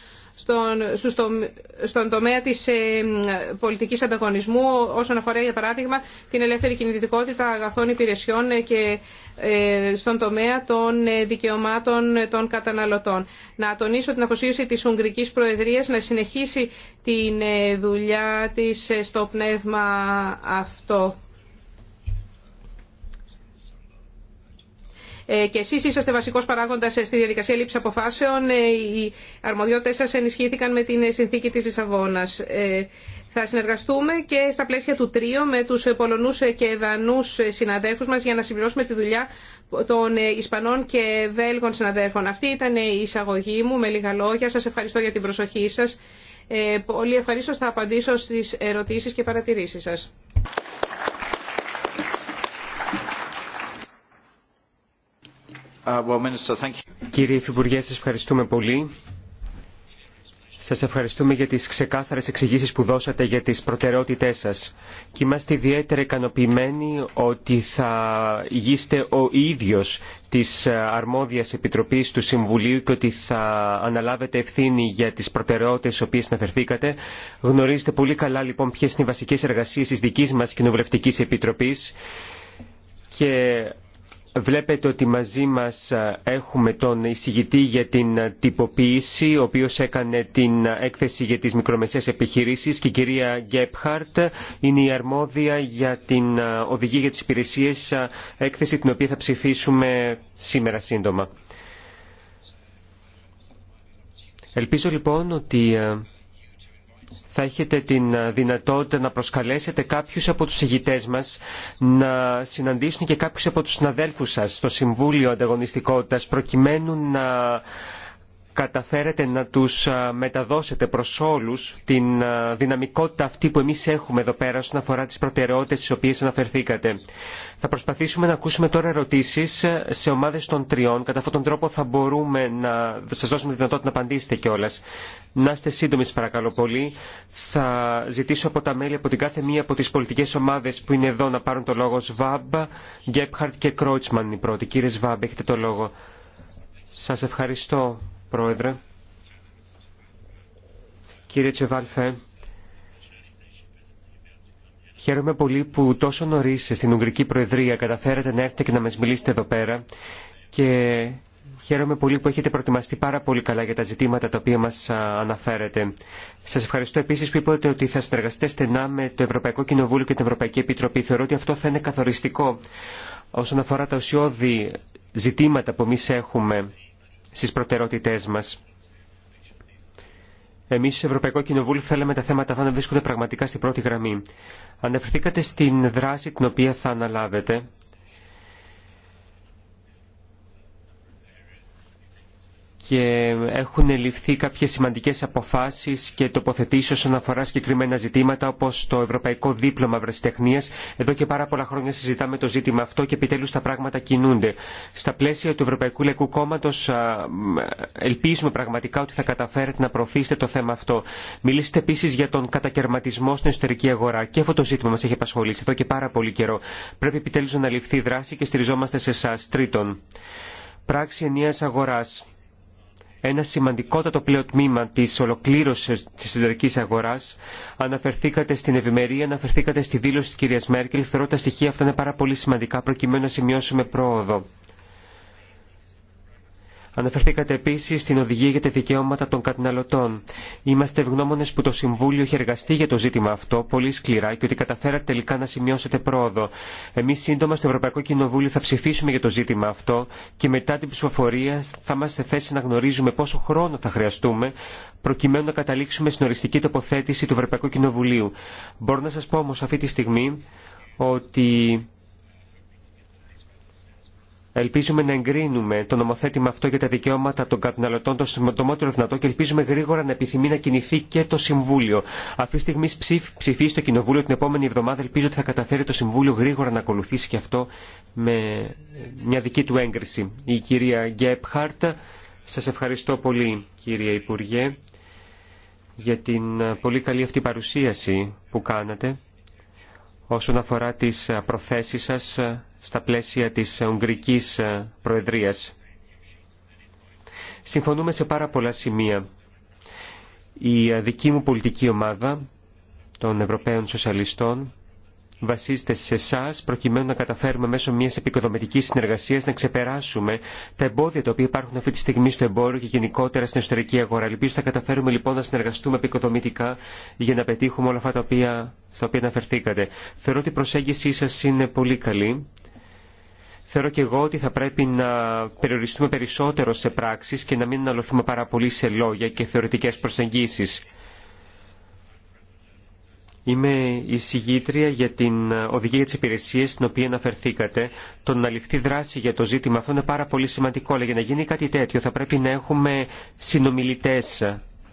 στον, τομέα της ε, πολιτικής ανταγωνισμού όσον αφορά για παράδειγμα την ελεύθερη κινητικότητα αγαθών υπηρεσιών και ε, στον τομέα των ε, δικαιωμάτων των καταναλωτών. Να τονίσω την αφοσίωση της Ουγγρικής Προεδρίας να συνεχίσει την δουλειά της στο πνεύμα αυτό. Ε, και εσεί είσαστε βασικό παράγοντα ε, στη διαδικασία λήψη αποφάσεων. Ε, οι αρμοδιότητες σα ενισχύθηκαν με την συνθήκη της Ε, Θα συνεργαστούμε και στα πλαίσια του τρίου με του Πολωνούς και Δανού συναδέλφους μα για να συμπληρώσουμε τη δουλειά των Ισπανών και Βέλγων συναδέλφων. Αυτή ήταν η εισαγωγή μου με λίγα λόγια. Σα ευχαριστώ για την προσοχή σα. Ε, πολύ ευχαρίστω θα απαντήσω στις ερωτήσεις και παρατηρήσεις σας. Uh, Κύριε Υφυπουργέ, σας ευχαριστούμε πολύ. Σας ευχαριστούμε για τις ξεκάθαρες εξηγήσεις που δώσατε για τις προτεραιότητές σας. Και είμαστε ιδιαίτερα ικανοποιημένοι ότι θα γίστε ο ίδιος της ε, αρμόδιας επιτροπής του Συμβουλίου και ότι θα αναλάβετε ευθύνη για τις προτεραιότητες στις οποίες αναφερθήκατε. Γνωρίζετε πολύ καλά λοιπόν ποιες είναι οι βασικές εργασίες της δικής μας κοινοβουλευτικής επιτροπής και Βλέπετε ότι μαζί μας ε, έχουμε τον εισηγητή για την ε, τυποποίηση, ο οποίος έκανε την ε, έκθεση για τις μικρομεσαίες επιχειρήσεις και η κυρία Γκέπχαρτ είναι η αρμόδια για την οδηγία για τις υπηρεσίες, έκθεση την οποία θα ψηφίσουμε σήμερα σύντομα. Ελπίζω λοιπόν ότι θα έχετε την ε, δυνατότητα να προσκαλέσετε κάποιους από τους ηγητές μας να συναντήσουν και κάποιους από τους συναδέλφους σας στο Συμβούλιο Ανταγωνιστικότητας προκειμένου να καταφέρετε να τους μεταδώσετε προς όλους την δυναμικότητα αυτή που εμείς έχουμε εδώ πέρα όσον αφορά τις προτεραιότητες στις οποίες αναφερθήκατε. Θα προσπαθήσουμε να ακούσουμε τώρα ερωτήσεις ε, σε ομάδες των τριών. Κατά αυτόν τον τρόπο θα μπορούμε να σας δώσουμε τη δυνατότητα να απαντήσετε κιόλα. Να είστε σύντομοι σας παρακαλώ πολύ. Θα ζητήσω από τα μέλη από την κάθε μία από τις πολιτικές ομάδες που είναι εδώ να πάρουν το λόγο Σβάμπ, Γκέπχαρτ και Κρότσμαν η πρώτοι. Κύριε Σβάμπ, έχετε το λόγο. Σας ευχαριστώ Πρόεδρε. Κύριε Τσεβάλφε, χαίρομαι πολύ που τόσο νωρίς στην Ουγγρική Προεδρία καταφέρατε να έρθετε και να μας μιλήσετε εδώ πέρα και Χαίρομαι πολύ που έχετε προετοιμαστεί πάρα πολύ καλά για τα ζητήματα τα οποία μας αναφέρετε. Σας ευχαριστώ επίσης που είπατε ότι θα συνεργαστείτε στενά με το Ευρωπαϊκό Κοινοβούλιο και την Ευρωπαϊκή Επιτροπή. Θεωρώ ότι αυτό θα είναι καθοριστικό όσον αφορά τα ουσιώδη ζητήματα που εμεί έχουμε στις προτεραιότητές μας. Εμείς, στο Ευρωπαϊκό Κοινοβούλιο, θέλαμε τα θέματα αυτά να βρίσκονται πραγματικά στην πρώτη γραμμή. Αναφερθήκατε στην δράση την οποία θα αναλάβετε και έχουν ληφθεί κάποιες σημαντικές αποφάσεις και τοποθετήσεις όσον αφορά συγκεκριμένα ζητήματα όπως το Ευρωπαϊκό Δίπλωμα Βρεσιτεχνίας. Εδώ και πάρα πολλά χρόνια συζητάμε το ζήτημα αυτό και επιτέλους τα πράγματα κινούνται. Στα πλαίσια του Ευρωπαϊκού Λαϊκού Κόμματος ελπίζουμε πραγματικά ότι θα καταφέρετε να προωθήσετε το θέμα αυτό. Μιλήσετε επίσης για τον κατακαιρματισμό στην εσωτερική αγορά και αυτό το ζήτημα μας έχει απασχολήσει εδώ και πάρα πολύ καιρό. Πρέπει επιτέλους να ληφθεί δράση και στηριζόμαστε σε εσά. Τρίτον, πράξη ενίας αγοράς ένα σημαντικότατο πλέον τμήμα της ολοκλήρωσης της εσωτερικής αγοράς. Αναφερθήκατε στην ευημερία, αναφερθήκατε στη δήλωση της κυρίας Μέρκελ. Θεωρώ τα στοιχεία αυτά είναι πάρα πολύ σημαντικά προκειμένου να σημειώσουμε πρόοδο. Αναφερθήκατε επίση στην οδηγία για τα δικαιώματα των καταναλωτών. Είμαστε ευγνώμονε που το Συμβούλιο έχει εργαστεί για το ζήτημα αυτό πολύ σκληρά και ότι καταφέρατε τελικά να σημειώσετε πρόοδο. Εμεί σύντομα στο Ευρωπαϊκό Κοινοβούλιο θα ψηφίσουμε για το ζήτημα αυτό και μετά την ψηφοφορία θα είμαστε θέση να γνωρίζουμε πόσο χρόνο θα χρειαστούμε προκειμένου να καταλήξουμε στην οριστική τοποθέτηση του Ευρωπαϊκού Κοινοβουλίου. Μπορώ να σα πω όμω αυτή τη στιγμή ότι Ελπίζουμε να εγκρίνουμε το νομοθέτημα αυτό για τα δικαιώματα των καταναλωτών το σημαντικότερο δυνατό και ελπίζουμε γρήγορα να επιθυμεί να κινηθεί και το Συμβούλιο. Αυτή τη στιγμή ψηφίσει το Κοινοβούλιο την επόμενη εβδομάδα. Ελπίζω ότι θα καταφέρει το Συμβούλιο γρήγορα να ακολουθήσει και αυτό με μια δική του έγκριση. Η κυρία Γκέπχαρτ, σα ευχαριστώ πολύ κύριε Υπουργέ για την ε, πολύ καλή αυτή παρουσίαση που κάνατε όσον αφορά τις ε, προθέσεις σας ε, στα πλαίσια της ε, Ουγγρικής ε, Προεδρίας. Συμφωνούμε σε πάρα πολλά σημεία. Η ε, δική μου πολιτική ομάδα των Ευρωπαίων Σοσιαλιστών βασίζεται σε εσά προκειμένου να καταφέρουμε μέσω μια επικοδομητική συνεργασία να ξεπεράσουμε τα εμπόδια τα οποία υπάρχουν αυτή τη στιγμή στο εμπόριο και γενικότερα στην εσωτερική αγορά. Ελπίζω θα καταφέρουμε λοιπόν να συνεργαστούμε επικοδομητικά για να πετύχουμε όλα αυτά τα οποία, στα οποία αναφερθήκατε. Θεωρώ ότι η προσέγγιση σα είναι πολύ καλή Θεωρώ και εγώ ότι θα πρέπει να περιοριστούμε περισσότερο σε πράξεις και να μην αναλωθούμε πάρα πολύ σε λόγια και θεωρητικές προσεγγίσεις. Είμαι η συγγήτρια για την οδηγία της υπηρεσίας στην οποία αναφερθήκατε. Το να ληφθεί δράση για το ζήτημα αυτό είναι πάρα πολύ σημαντικό, αλλά για να γίνει κάτι τέτοιο θα πρέπει να έχουμε συνομιλητές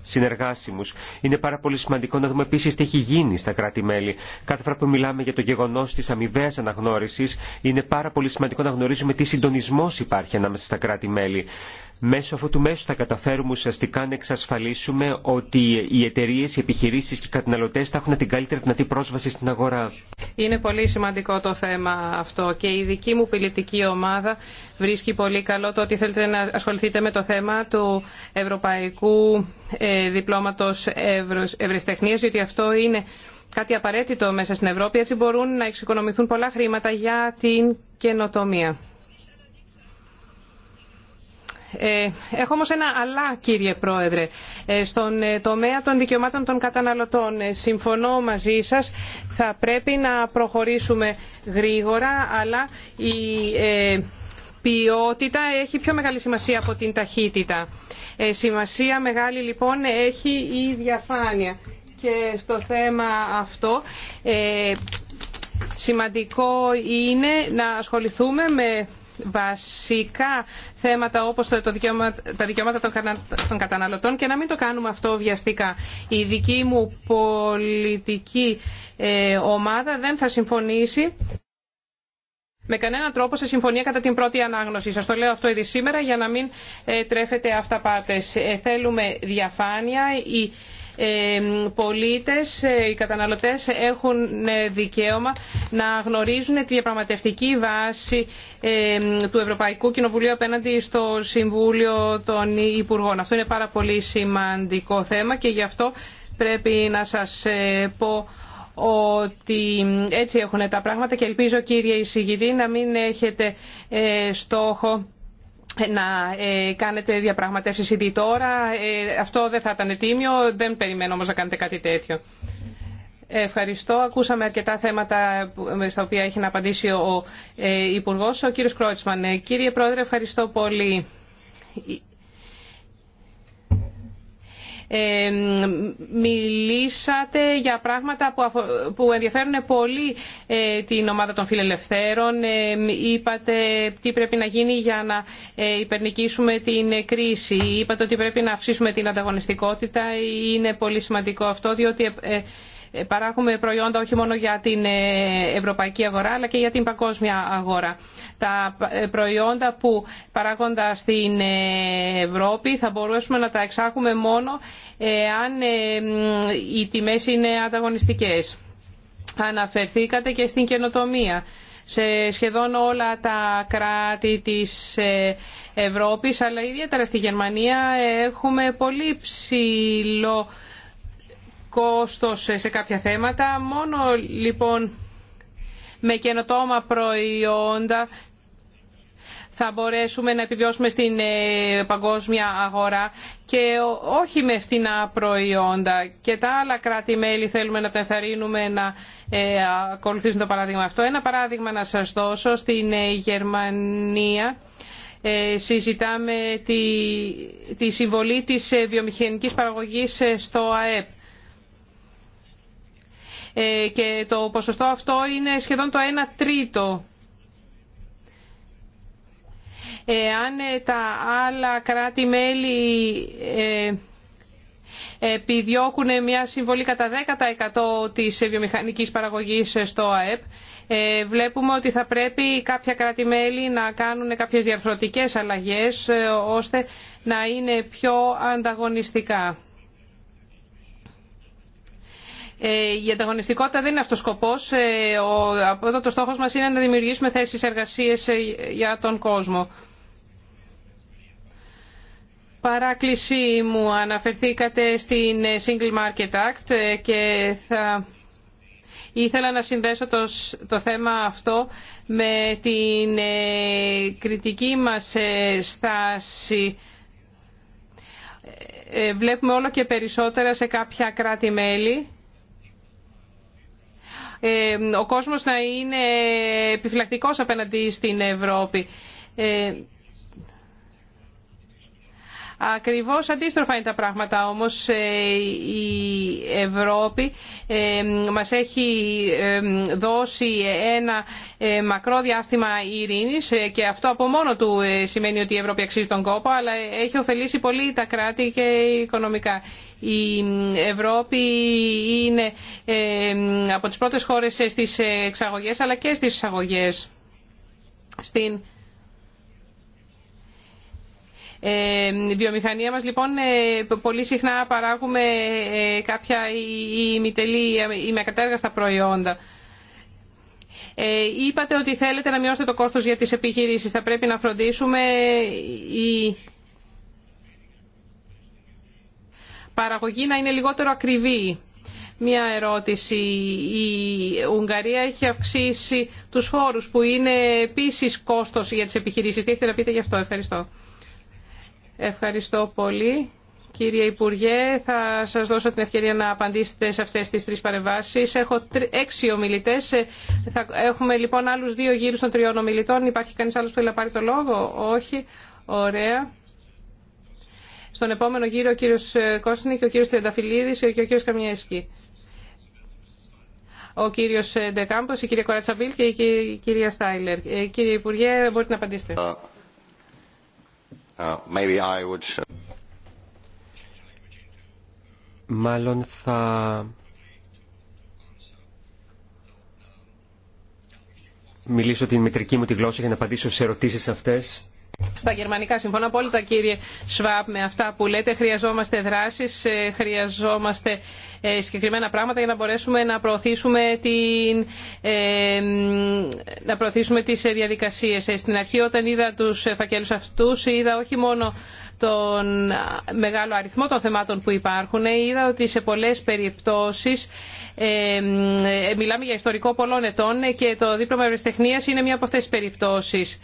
συνεργάσιμους. Είναι πάρα πολύ σημαντικό να δούμε επίση τι έχει γίνει στα κράτη-μέλη. Κάθε φορά που μιλάμε για το γεγονός της αμοιβαία αναγνώρισης, είναι πάρα πολύ σημαντικό να γνωρίζουμε τι συντονισμό υπάρχει ανάμεσα στα κράτη-μέλη. Μέσω αυτού του μέσου θα καταφέρουμε ουσιαστικά να εξασφαλίσουμε ότι οι εταιρείε, οι επιχειρήσει και οι καταναλωτέ θα έχουν την καλύτερη δυνατή πρόσβαση στην αγορά. Είναι πολύ σημαντικό το θέμα αυτό και η δική μου πολιτική ομάδα βρίσκει πολύ καλό το ότι θέλετε να ασχοληθείτε με το θέμα του Ευρωπαϊκού ε, Διπλώματο Ευρεσιτεχνία, διότι αυτό είναι κάτι απαραίτητο μέσα στην Ευρώπη. Έτσι μπορούν να εξοικονομηθούν πολλά χρήματα για την καινοτομία. Ε, έχω όμως ένα αλλά, κύριε Πρόεδρε. Ε, στον ε, τομέα των δικαιωμάτων των καταναλωτών συμφωνώ μαζί σας. Θα πρέπει να προχωρήσουμε γρήγορα, αλλά η ποιότητα έχει πιο μεγάλη σημασία από την ταχύτητα. Σημασία μεγάλη, λοιπόν, έχει η διαφάνεια. Και στο θέμα αυτό... Σημαντικό είναι να ασχοληθούμε με βασικά θέματα όπως το, το τα δικαιώματα των καταναλωτών και να μην το κάνουμε αυτό βιαστικά. Η δική μου πολιτική ε, ομάδα δεν θα συμφωνήσει με κανέναν τρόπο σε συμφωνία κατά την πρώτη ανάγνωση. Σας το λέω αυτό ήδη σήμερα για να μην ε, τρέφετε αυταπάτες. Ε, θέλουμε διαφάνεια. Η πολίτες, ε, οι καταναλωτές έχουν ε, δικαίωμα να γνωρίζουν τη διαπραγματευτική βάση του Ευρωπαϊκού Κοινοβουλίου απέναντι στο Συμβούλιο των Υπουργών. Αυτό είναι πάρα πολύ σημαντικό θέμα και γι' αυτό πρέπει να σας ε, πω ότι έτσι έχουν τα πράγματα και ελπίζω κύριε εισηγητή να μην έχετε στόχο να ε, κάνετε διαπραγματεύσεις ήδη τώρα. Ε, αυτό δεν θα ήταν τίμιο. Δεν περιμένω όμως να κάνετε κάτι τέτοιο. Ευχαριστώ. Ακούσαμε αρκετά θέματα ε, στα οποία έχει να απαντήσει ο Υπουργός. ο κύριος Κρότσμαν. Κύριε Πρόεδρε, ευχαριστώ πολύ μιλήσατε για πράγματα που ενδιαφέρουν πολύ ε, την ομάδα των φιλελευθέρων. Είπατε τι πρέπει να γίνει για να ε, υπερνικήσουμε την κρίση. Είπατε ότι πρέπει να αυξήσουμε την ανταγωνιστικότητα. Είναι πολύ σημαντικό αυτό, διότι ε, ε, παράγουμε προϊόντα όχι μόνο για την ε, ευρωπαϊκή αγορά αλλά και για την παγκόσμια αγορά. Τα ε, προϊόντα που παράγονται στην Ευρώπη θα μπορούσαμε να τα εξάγουμε μόνο αν οι τιμές είναι ανταγωνιστικές. Αναφερθήκατε και στην καινοτομία. Σε σχεδόν όλα τα κράτη της Ευρώπης, αλλά ιδιαίτερα στη Γερμανία, έχουμε πολύ ψηλό κόστος σε κάποια θέματα. Μόνο λοιπόν με καινοτόμα προϊόντα θα μπορέσουμε να επιβιώσουμε στην ε, παγκόσμια αγορά και όχι με φτηνά προϊόντα. Και τα άλλα κράτη-μέλη θέλουμε να τα ενθαρρύνουμε να ε, ακολουθήσουν το παράδειγμα αυτό. Ένα παράδειγμα να σας δώσω. Στην ε, Γερμανία συζητάμε τη, τη συμβολή της βιομηχανικής παραγωγής στο ΑΕΠ. Ε, και το ποσοστό αυτό είναι σχεδόν το 1 τρίτο. Ε, αν ε, τα άλλα κράτη-μέλη επιδιώκουν μια συμβολή κατά 10% της βιομηχανικής παραγωγής στο ΑΕΠ. Βλέπουμε ότι θα πρέπει κάποια κράτη-μέλη να κάνουν κάποιες διαρθρωτικές αλλαγές ώστε να είναι πιο ανταγωνιστικά. Ε, η ανταγωνιστικότητα δεν είναι αυτός ο σκοπός. Ε, ο το στόχος μας είναι να δημιουργήσουμε θέσεις εργασίας ε, για τον κόσμο. Παράκλησή μου αναφερθήκατε στην Single Market Act και θα ήθελα να συνδέσω το, το θέμα αυτό με την κριτική μας στάση βλέπουμε όλο και περισσότερα σε κάποια κράτη-μέλη ε, ο κόσμος να είναι επιφυλακτικός απέναντι στην Ευρώπη. Ε, ακριβώς αντίστροφα είναι τα πράγματα, όμως ε, η Ευρώπη μας έχει δώσει ένα μακρό διάστημα ειρήνης και αυτό από μόνο του σημαίνει ότι η Ευρώπη αξίζει τον κόπο, αλλά έχει ωφελήσει πολύ τα κράτη και οικονομικά. Η Ευρώπη είναι ε, από τις πρώτες χώρες στις εξαγωγές αλλά και στις εισαγωγές. Στην ε, βιομηχανία μας λοιπόν ε, πολύ συχνά παράγουμε κάποια ημιτελή ή με κατέργαστα προϊόντα. Είπατε ότι θέλετε να μειώσετε το κόστος για τις επιχειρήσεις. Θα πρέπει να φροντίσουμε οι παραγωγή να είναι λιγότερο ακριβή. Μία ερώτηση. Η Ουγγαρία έχει αυξήσει τους φόρους που είναι επίσης κόστος για τις επιχειρήσεις. Τι έχετε να πείτε γι' αυτό. Ευχαριστώ. Ευχαριστώ πολύ. Κύριε Υπουργέ, θα σας δώσω την ευκαιρία να απαντήσετε σε αυτές τις τρεις παρεμβάσεις. Έχω έξι ομιλητές. Ε, θα έχουμε λοιπόν άλλους δύο γύρους των τριών ομιλητών. Υπάρχει κανείς άλλος που θέλει να πάρει το λόγο. Όχι. Ωραία. Στον επόμενο γύρο ο κύριος ε, Κόσνη και ο κύριος Τριανταφυλλίδης και ο κύριος Καμιέσκη. Ο κύριος ε, Ντεκάμπος, η κυρία Κορατσαμπίλ και η κυρία Στάιλερ. Ε, κύριε Υπουργέ, μπορείτε να απαντήσετε. Uh, uh, uh, Μάλλον θα μιλήσω την μητρική μου τη γλώσσα για να απαντήσω σε ερωτήσεις αυτές. Στα γερμανικά συμφωνώ απόλυτα κύριε Σβάπ με αυτά που λέτε. Χρειαζόμαστε δράσεις, ε, χρειαζόμαστε ε, συγκεκριμένα πράγματα για να μπορέσουμε να προωθήσουμε, την, ε, να τις διαδικασίες. Στην αρχή όταν είδα τους φακέλους αυτούς είδα όχι μόνο τον μεγάλο αριθμό των θεμάτων που υπάρχουν, είδα ότι σε πολλές περιπτώσεις μιλάμε για ιστορικό πολλών ετών και το δίπλωμα ευρεσιτεχνίας είναι μία από αυτές τις περιπτώσεις.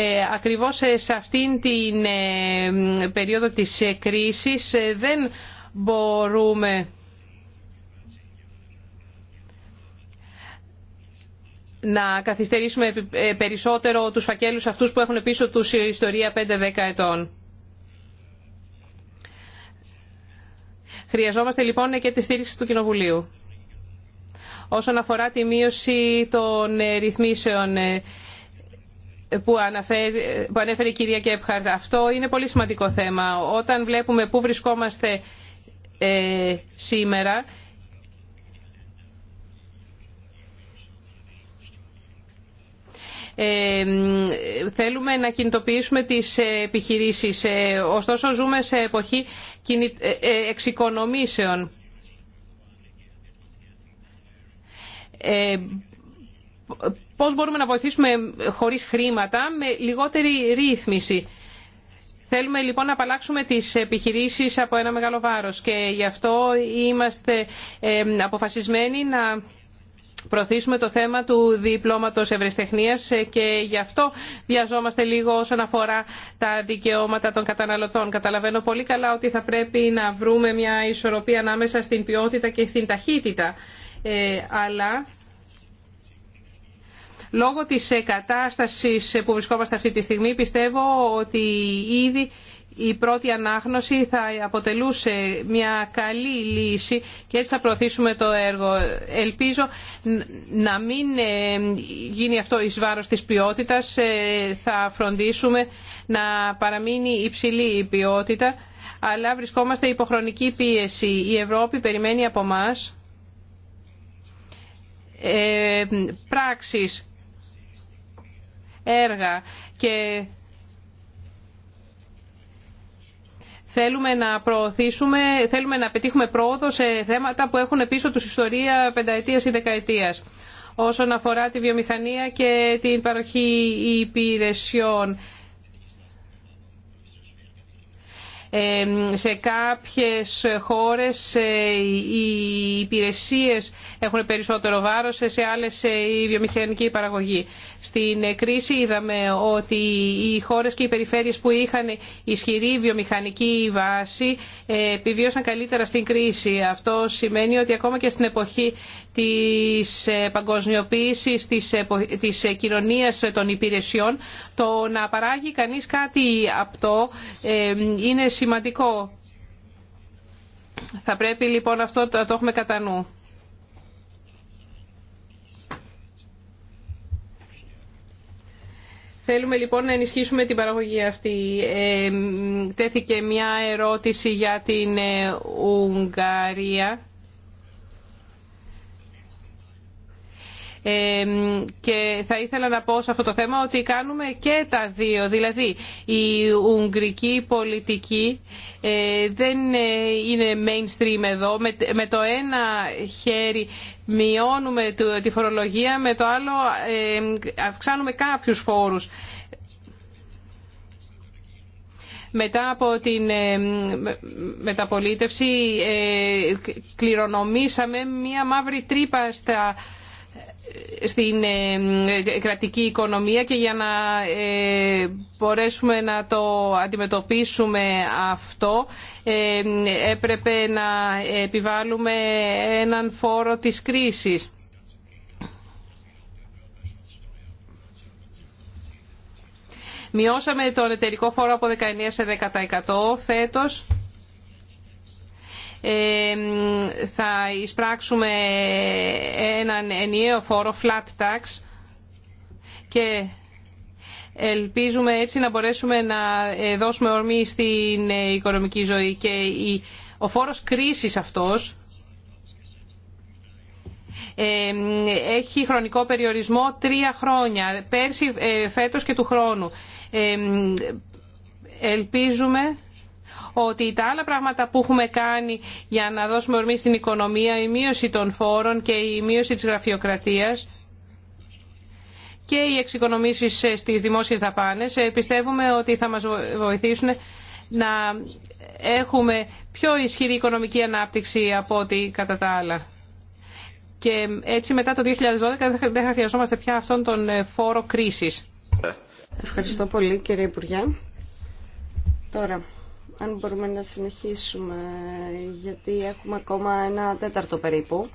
Ε, ακριβώς σε αυτήν την ε, περίοδο της ε, κρίσης δεν μπορούμε να καθυστερήσουμε περισσότερο τους φακέλους αυτούς που έχουν πίσω τους ιστορία 5-10 ετών. Χρειαζόμαστε λοιπόν και τη στήριξη του Κοινοβουλίου. Όσον αφορά τη μείωση των ρυθμίσεων, που, αναφέρει, που ανέφερε η κυρία Κέπχαρτ. Αυτό είναι πολύ σημαντικό θέμα. Όταν βλέπουμε πού βρισκόμαστε ε, σήμερα, ε, θέλουμε να κινητοποιήσουμε τις επιχειρήσεις. Ε, ωστόσο ζούμε σε εποχή ε, εξοικονομήσεων. Ε, Πώ μπορούμε να βοηθήσουμε χωρίς χρήματα, με λιγότερη ρύθμιση. Θέλουμε λοιπόν να απαλλάξουμε τις επιχειρήσεις από ένα μεγάλο βάρος και γι' αυτό είμαστε αποφασισμένοι να προωθήσουμε το θέμα του διπλώματος ευρεσιτεχνίας και γι' αυτό βιαζόμαστε λίγο όσον αφορά τα δικαιώματα των καταναλωτών. Καταλαβαίνω πολύ καλά ότι θα πρέπει να βρούμε μια ισορροπία ανάμεσα στην ποιότητα και στην ταχύτητα. Ε, αλλά Λόγω της κατάστασης που βρισκόμαστε αυτή τη στιγμή πιστεύω ότι ήδη η πρώτη ανάγνωση θα αποτελούσε μια καλή λύση και έτσι θα προωθήσουμε το έργο. Ελπίζω να μην ε, γίνει αυτό εις βάρος της ποιότητας. Ε, θα φροντίσουμε να παραμείνει υψηλή η ποιότητα, αλλά βρισκόμαστε υποχρονική πίεση. Η Ευρώπη περιμένει από μας ε, πράξεις έργα και θέλουμε να προωθήσουμε, θέλουμε να πετύχουμε πρόοδο σε θέματα που έχουν πίσω τους ιστορία πενταετίας ή δεκαετίας όσον αφορά τη βιομηχανία και την παροχή υπηρεσιών. Σε κάποιες χώρες ε, οι υπηρεσίες έχουν περισσότερο βάρος, σε άλλες ε, η βιομηχανική παραγωγή. Στην ε, κρίση είδαμε ότι οι χώρες και οι περιφέρειες που είχαν ισχυρή βιομηχανική βάση επιβίωσαν καλύτερα στην κρίση. Αυτό σημαίνει ότι ακόμα και στην εποχή της ε, παγκοσμιοποίησης της, ε, της ε, κοινωνίας των υπηρεσιών το να παράγει κανείς κάτι αυτό είναι σημαντικό. Θα πρέπει λοιπόν αυτό να το έχουμε κατά νου. Θέλουμε λοιπόν να ενισχύσουμε την παραγωγή αυτή. τέθηκε μια ερώτηση για την Ουγγαρία. και θα ήθελα να πω σε αυτό το θέμα ότι κάνουμε και τα δύο. Δηλαδή η ουγγρική πολιτική ε, δεν ε, είναι mainstream εδώ. Με το ένα χέρι μειώνουμε τη φορολογία, με το άλλο αυξάνουμε κάποιους φόρους. Μετά από την μεταπολίτευση ε, κληρονομήσαμε μία μαύρη τρύπα στα στην ε, ε, κρατική οικονομία και για να ε, μπορέσουμε να το αντιμετωπίσουμε αυτό έπρεπε να επιβάλλουμε έναν φόρο της κρίσης. Μειώσαμε τον εταιρικό φόρο από 19% σε 10% φέτος θα εισπράξουμε έναν ενιαίο φόρο flat tax και ελπίζουμε έτσι να μπορέσουμε να ε, δώσουμε ορμή στην ε, οικονομική ζωή και ο φόρος κρίσης αυτός έχει χρονικό περιορισμό τρία χρόνια, πέρσι, ε, φέτος και του χρόνου. Ελπίζουμε ότι τα άλλα πράγματα που έχουμε κάνει για να δώσουμε ορμή στην οικονομία, η μείωση των φόρων και η μείωση της γραφειοκρατίας και οι εξοικονομήσεις στις δημόσιες δαπάνες, ε, πιστεύουμε ότι θα μας βοηθήσουν να έχουμε πιο ισχυρή οικονομική ανάπτυξη από ό,τι κατά τα άλλα. Και έτσι μετά το 2012 δεν θα χρειαζόμαστε πια αυτόν τον ε, φόρο κρίσης. Ευχαριστώ πολύ κύριε Υπουργέ. Τώρα αν μπορούμε να συνεχίσουμε, γιατί έχουμε ακόμα ένα τέταρτο περίπου.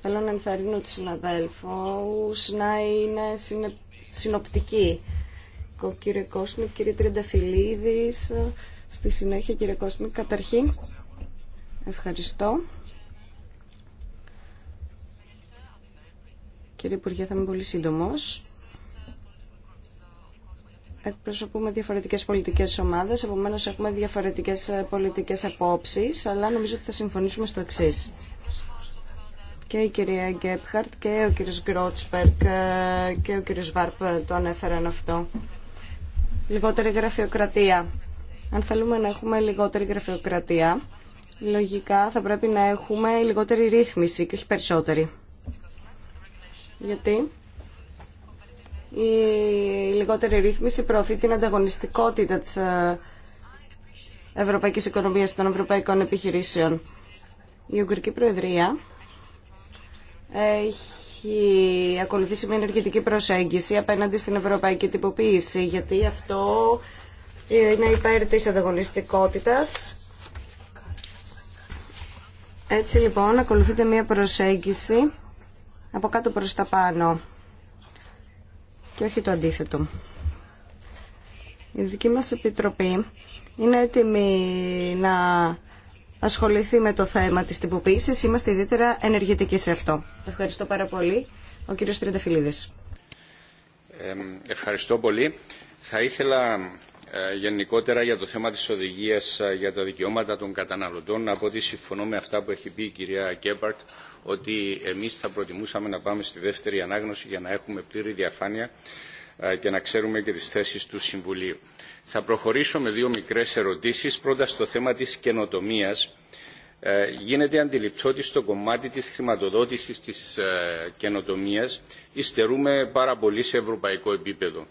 Θέλω να ενθαρρύνω του συναδέλφου να είναι συνοπτικοί. Ο κύριε Κόσμη, κύριε Τριανταφυλλίδης, στη συνέχεια κύριε Κόσμη, καταρχήν. Ευχαριστώ. Κύριε Υπουργέ, θα είμαι πολύ σύντομος εκπροσωπούμε διαφορετικέ πολιτικέ ομάδε. Επομένω έχουμε διαφορετικέ ε, πολιτικέ απόψει, αλλά νομίζω ότι θα συμφωνήσουμε στο εξή. Και η κυρία Γκέπχαρτ και ο κύριος Γκρότσπερκ ε, και ο κύριος Βάρπ ε, το ανέφεραν αυτό. Λιγότερη γραφειοκρατία. Αν θέλουμε να έχουμε λιγότερη γραφειοκρατία, λογικά θα πρέπει να έχουμε λιγότερη ρύθμιση και όχι περισσότερη. Γιατί η λιγότερη ρύθμιση προωθεί την ανταγωνιστικότητα της ε, ευρωπαϊκής οικονομίας των ευρωπαϊκών επιχειρήσεων. Η Ουγγρική Προεδρία έχει ακολουθήσει μια ενεργητική προσέγγιση απέναντι στην ευρωπαϊκή τυποποίηση, γιατί αυτό είναι υπέρ της ανταγωνιστικότητας. Έτσι λοιπόν ακολουθείται μια προσέγγιση από κάτω προς τα πάνω και όχι το αντίθετο. Η δική μας Επιτροπή είναι έτοιμη να ασχοληθεί με το θέμα της τυποποίησης. Είμαστε ιδιαίτερα ενεργητικοί σε αυτό. Ευχαριστώ πάρα πολύ. Ο κύριος Τριανταφυλλίδης. Ε, ευχαριστώ πολύ. Θα ήθελα ε, γενικότερα για το θέμα της οδηγίας ε, για τα δικαιώματα των καταναλωτών να πω ότι συμφωνώ με αυτά που έχει πει η κυρία Κέμπαρτ ότι εμείς θα προτιμούσαμε να πάμε στη δεύτερη ανάγνωση για να έχουμε πλήρη διαφάνεια ε, και να ξέρουμε και τις θέσεις του Συμβουλίου. Θα προχωρήσω με δύο μικρές ερωτήσεις. Πρώτα στο θέμα της καινοτομίας. Ε, γίνεται αντιληπτό ότι στο κομμάτι της χρηματοδότησης της ε, καινοτομίας υστερούμε πάρα πολύ σε ευρωπαϊκό επίπεδο.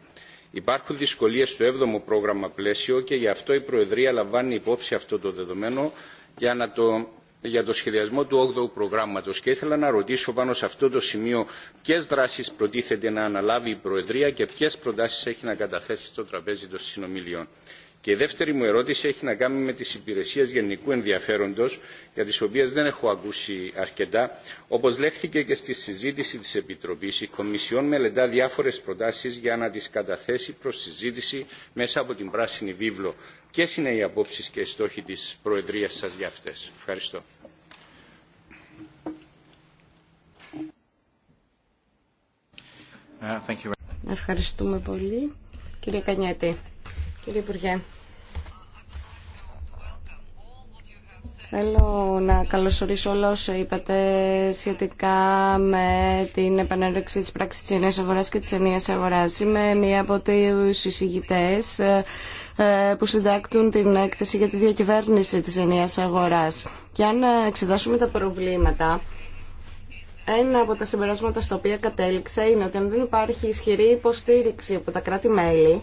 Υπάρχουν δυσκολίες στο 7ο πρόγραμμα πλαίσιο και γι' αυτό η Προεδρία λαμβάνει υπόψη αυτό το δεδομένο για να το για το σχεδιασμό του 8ου προγράμματος και ήθελα να ρωτήσω πάνω σε αυτό το σημείο ποιες δράσεις προτίθεται να αναλάβει η Προεδρία και ποιες προτάσεις έχει να καταθέσει στο τραπέζι των συνομιλιών. Και η δεύτερη μου ερώτηση έχει να κάνει με τις υπηρεσίες γενικού ενδιαφέροντος, για τις οποίες δεν έχω ακούσει αρκετά. Όπως λέχθηκε και στη συζήτηση της Επιτροπής, η Κομισιόν μελετά διάφορες προτάσεις για να τις καταθέσει προς συζήτηση μέσα από την Πράσινη Βίβλο. Ποιε είναι οι απόψεις και οι στόχοι της Προεδρίας σας για αυτές. Ευχαριστώ. Uh, Ευχαριστούμε πολύ. Κύριε Κανιέτη. Κύριε Υπουργέ, Θέλω να καλωσορίσω όλα όσα είπατε σχετικά με την επανέρεξη της πράξης της Ενίας αγοράς και της Ενίας αγοράς. Είμαι μία από τους εισηγητές ε, που συντάκτουν την έκθεση για τη διακυβέρνηση της Ενίας αγοράς. Και αν εξετάσουμε τα προβλήματα, ένα από τα συμπεράσματα στα οποία κατέληξα είναι ότι αν δεν υπάρχει ισχυρή υποστήριξη από τα κράτη-μέλη,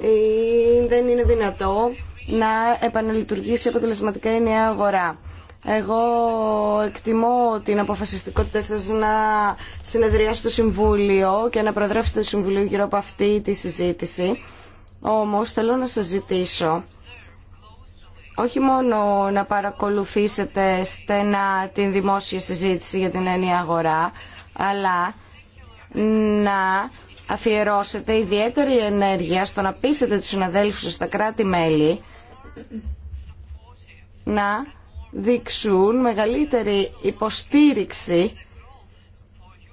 ε, δεν είναι δυνατό να επαναλειτουργήσει αποτελεσματικά η νέα αγορά. Εγώ εκτιμώ την αποφασιστικότητα σας να συνεδριάσει το Συμβούλιο και να προεδρεύσετε το Συμβουλίο γύρω από αυτή τη συζήτηση. Όμως θέλω να σας ζητήσω όχι μόνο να παρακολουθήσετε στενά την δημόσια συζήτηση για την έννοια αγορά, αλλά να αφιερώσετε ιδιαίτερη ενέργεια στο να πείσετε τους συναδέλφους σας στα κράτη-μέλη να δείξουν μεγαλύτερη υποστήριξη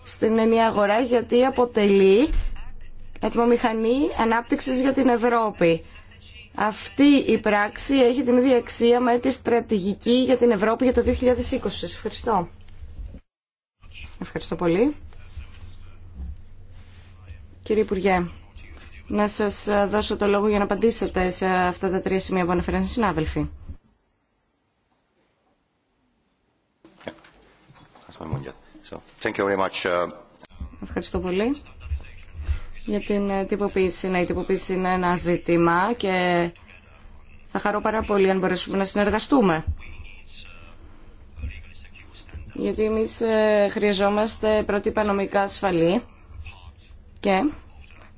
στην ενιαία αγορά γιατί αποτελεί ατμομηχανή ανάπτυξης για την Ευρώπη. Αυτή η πράξη έχει την ίδια αξία με τη στρατηγική για την Ευρώπη για το 2020. ευχαριστώ. Ευχαριστώ πολύ. Κύριε Υπουργέ, να σας δώσω το λόγο για να απαντήσετε σε αυτά τα τρία σημεία που αναφέραν συνάδελφοι. Ευχαριστώ πολύ για την τυποποίηση. Ναι, η τυποποίηση είναι ένα ζήτημα και θα χαρώ πάρα πολύ αν μπορέσουμε να συνεργαστούμε. Γιατί εμείς ε, χρειαζόμαστε πρώτη νομικά ασφαλή και